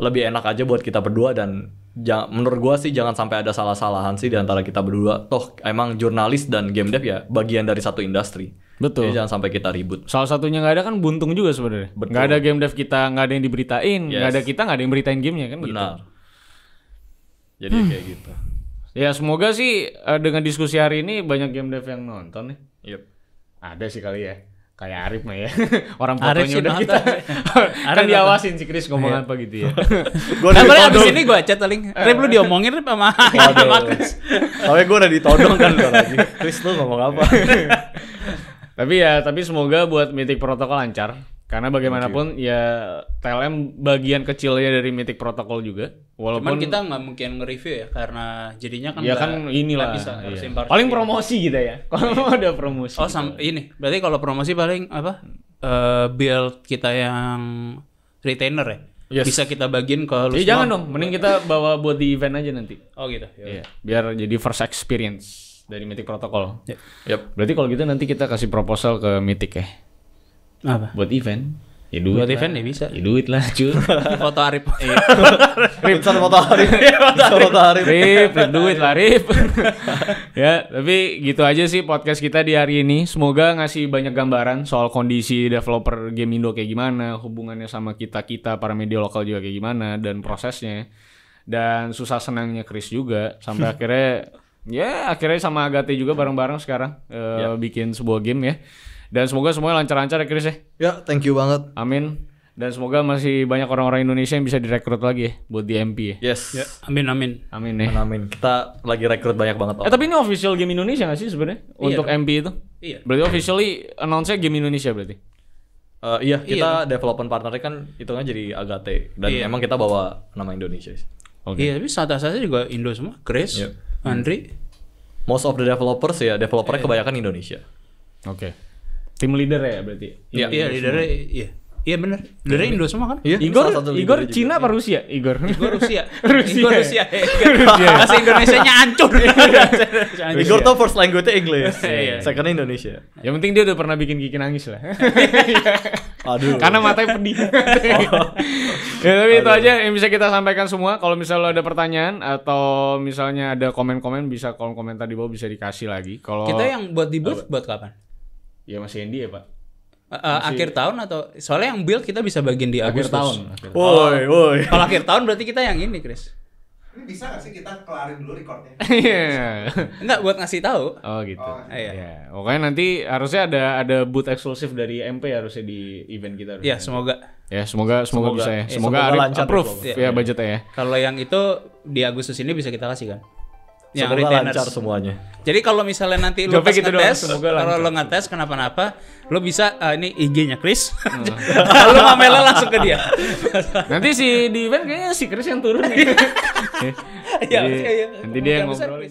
lebih enak aja buat kita berdua dan jang, menurut gue sih jangan sampai ada salah-salahan sih di antara kita berdua toh emang jurnalis dan game dev ya bagian dari satu industri Betul. Jadi jangan sampai kita ribut. Salah satunya nggak ada kan buntung juga sebenarnya. Nggak ada game dev kita, nggak ada yang diberitain, nggak yes. ada kita, nggak ada yang beritain gamenya kan. Gitu. Benar. Gitu. Jadi hmm. kayak gitu. Ya semoga sih uh, dengan diskusi hari ini banyak game dev yang nonton nih. Yep. Ada sih kali ya. Kayak Arif mah ya. Orang fotonya udah kita. Arif kan diawasin si Kris ngomong iya. apa gitu ya. gua nah, paling abis ini gue chat paling. Eh. Rip lu diomongin apa sama sama gue udah ditodong kan lagi. Chris lu ngomong apa. tapi ya, tapi semoga buat meeting protokol lancar. Karena bagaimanapun ya TLM bagian kecilnya dari Mythic Protocol juga. Walaupun Cuman kita nggak mungkin nge-review ya karena jadinya kan ya kan Ini lah bisa, iya. paling promosi gitu ya. Kalau ada promosi. Oh, sam ini. Berarti kalau promosi paling apa? Uh, build kita yang retainer ya. Yes. Bisa kita bagiin ke lu. Ya, jangan dong, mending kita bawa buat di event aja nanti. Oh gitu. Ya iya. Biar jadi first experience dari Mythic Protocol. Yep. yep. Berarti kalau gitu nanti kita kasih proposal ke Mythic ya. Apa? Buat event. Ya duit Buat lah. event ya bisa. Ya duit lah cuy. foto Arif. Iya. Rip. Bisa foto Arif. Iya, foto Arif. Rip, duit lah Rip. ya, tapi gitu aja sih podcast kita di hari ini. Semoga ngasih banyak gambaran soal kondisi developer game Indo kayak gimana, hubungannya sama kita-kita para media lokal juga kayak gimana, dan prosesnya. Dan susah senangnya Chris juga. Sampai akhirnya, ya akhirnya sama Agate juga bareng-bareng sekarang. Uh, Bikin sebuah game ya. Dan semoga semuanya lancar-lancar ya Chris ya. Ya, thank you banget. Amin. Dan semoga masih banyak orang-orang Indonesia yang bisa direkrut lagi ya buat di MP ya. Yes. Ya. Amin amin. Amin ya. Amin, Kita lagi rekrut banyak banget Eh tapi ini official game Indonesia gak sih sebenarnya iya. untuk MP itu? Iya. Berarti officially announce-nya game Indonesia berarti. Uh, iya, kita iya. development partnernya kan hitungnya jadi Agate dan iya. emang kita bawa nama Indonesia. Okay. Iya, tapi saat saya juga Indo semua, Chris, yeah. Andri. Most of the developers ya, developernya yeah. kebanyakan Indonesia. Oke. Okay tim leader ya berarti. Iya, iya ya, iya. Iya benar. Dari Indo semua kan? Iya. Igor, Igor Cina apa iya. Rusia? Igor. Igor Rusia. Rusia. Igor Rusia. Rusia. Bahasa Indonesia-nya hancur. Iya. Igor tuh first language-nya English. Iya, Second Indonesia. Yang penting dia udah pernah bikin Kiki nangis lah. Aduh. Karena matanya pedih. oh. ya, tapi itu aja yang bisa kita sampaikan semua. Kalau misalnya ada pertanyaan atau misalnya ada komen-komen bisa kolom komentar di bawah bisa dikasih lagi. Kalau Kita yang buat di booth buat kapan? Ya masih endi ya Pak. Uh, Masih... akhir tahun atau soalnya yang build kita bisa bagian di akhir Agustus. tahun. woi, woi. Kalau akhir tahun berarti kita yang ini, Chris. Ini bisa gak sih kita kelarin dulu recordnya? Iya. Enggak buat ngasih tahu. Oh gitu. Oh, iya. Ya. Pokoknya nanti harusnya ada ada boot eksklusif dari MP harusnya di event kita. Ya semoga. Ya semoga semoga, semoga bisa ya. Eh, semoga, ya, semoga Arif lancar approve ya, ya budgetnya ya. Kalau yang itu di Agustus ini bisa kita kasih kan? yang semoga retainers. lancar semuanya. Jadi kalau misalnya nanti lu pas gitu ngetes, kalau lu ngetes kenapa-napa, lu bisa uh, ini IG-nya Chris. Hmm. lu langsung ke dia. nanti si di kayaknya si Chris yang turun. ya. ya, ya, nanti dia yang ngobrol.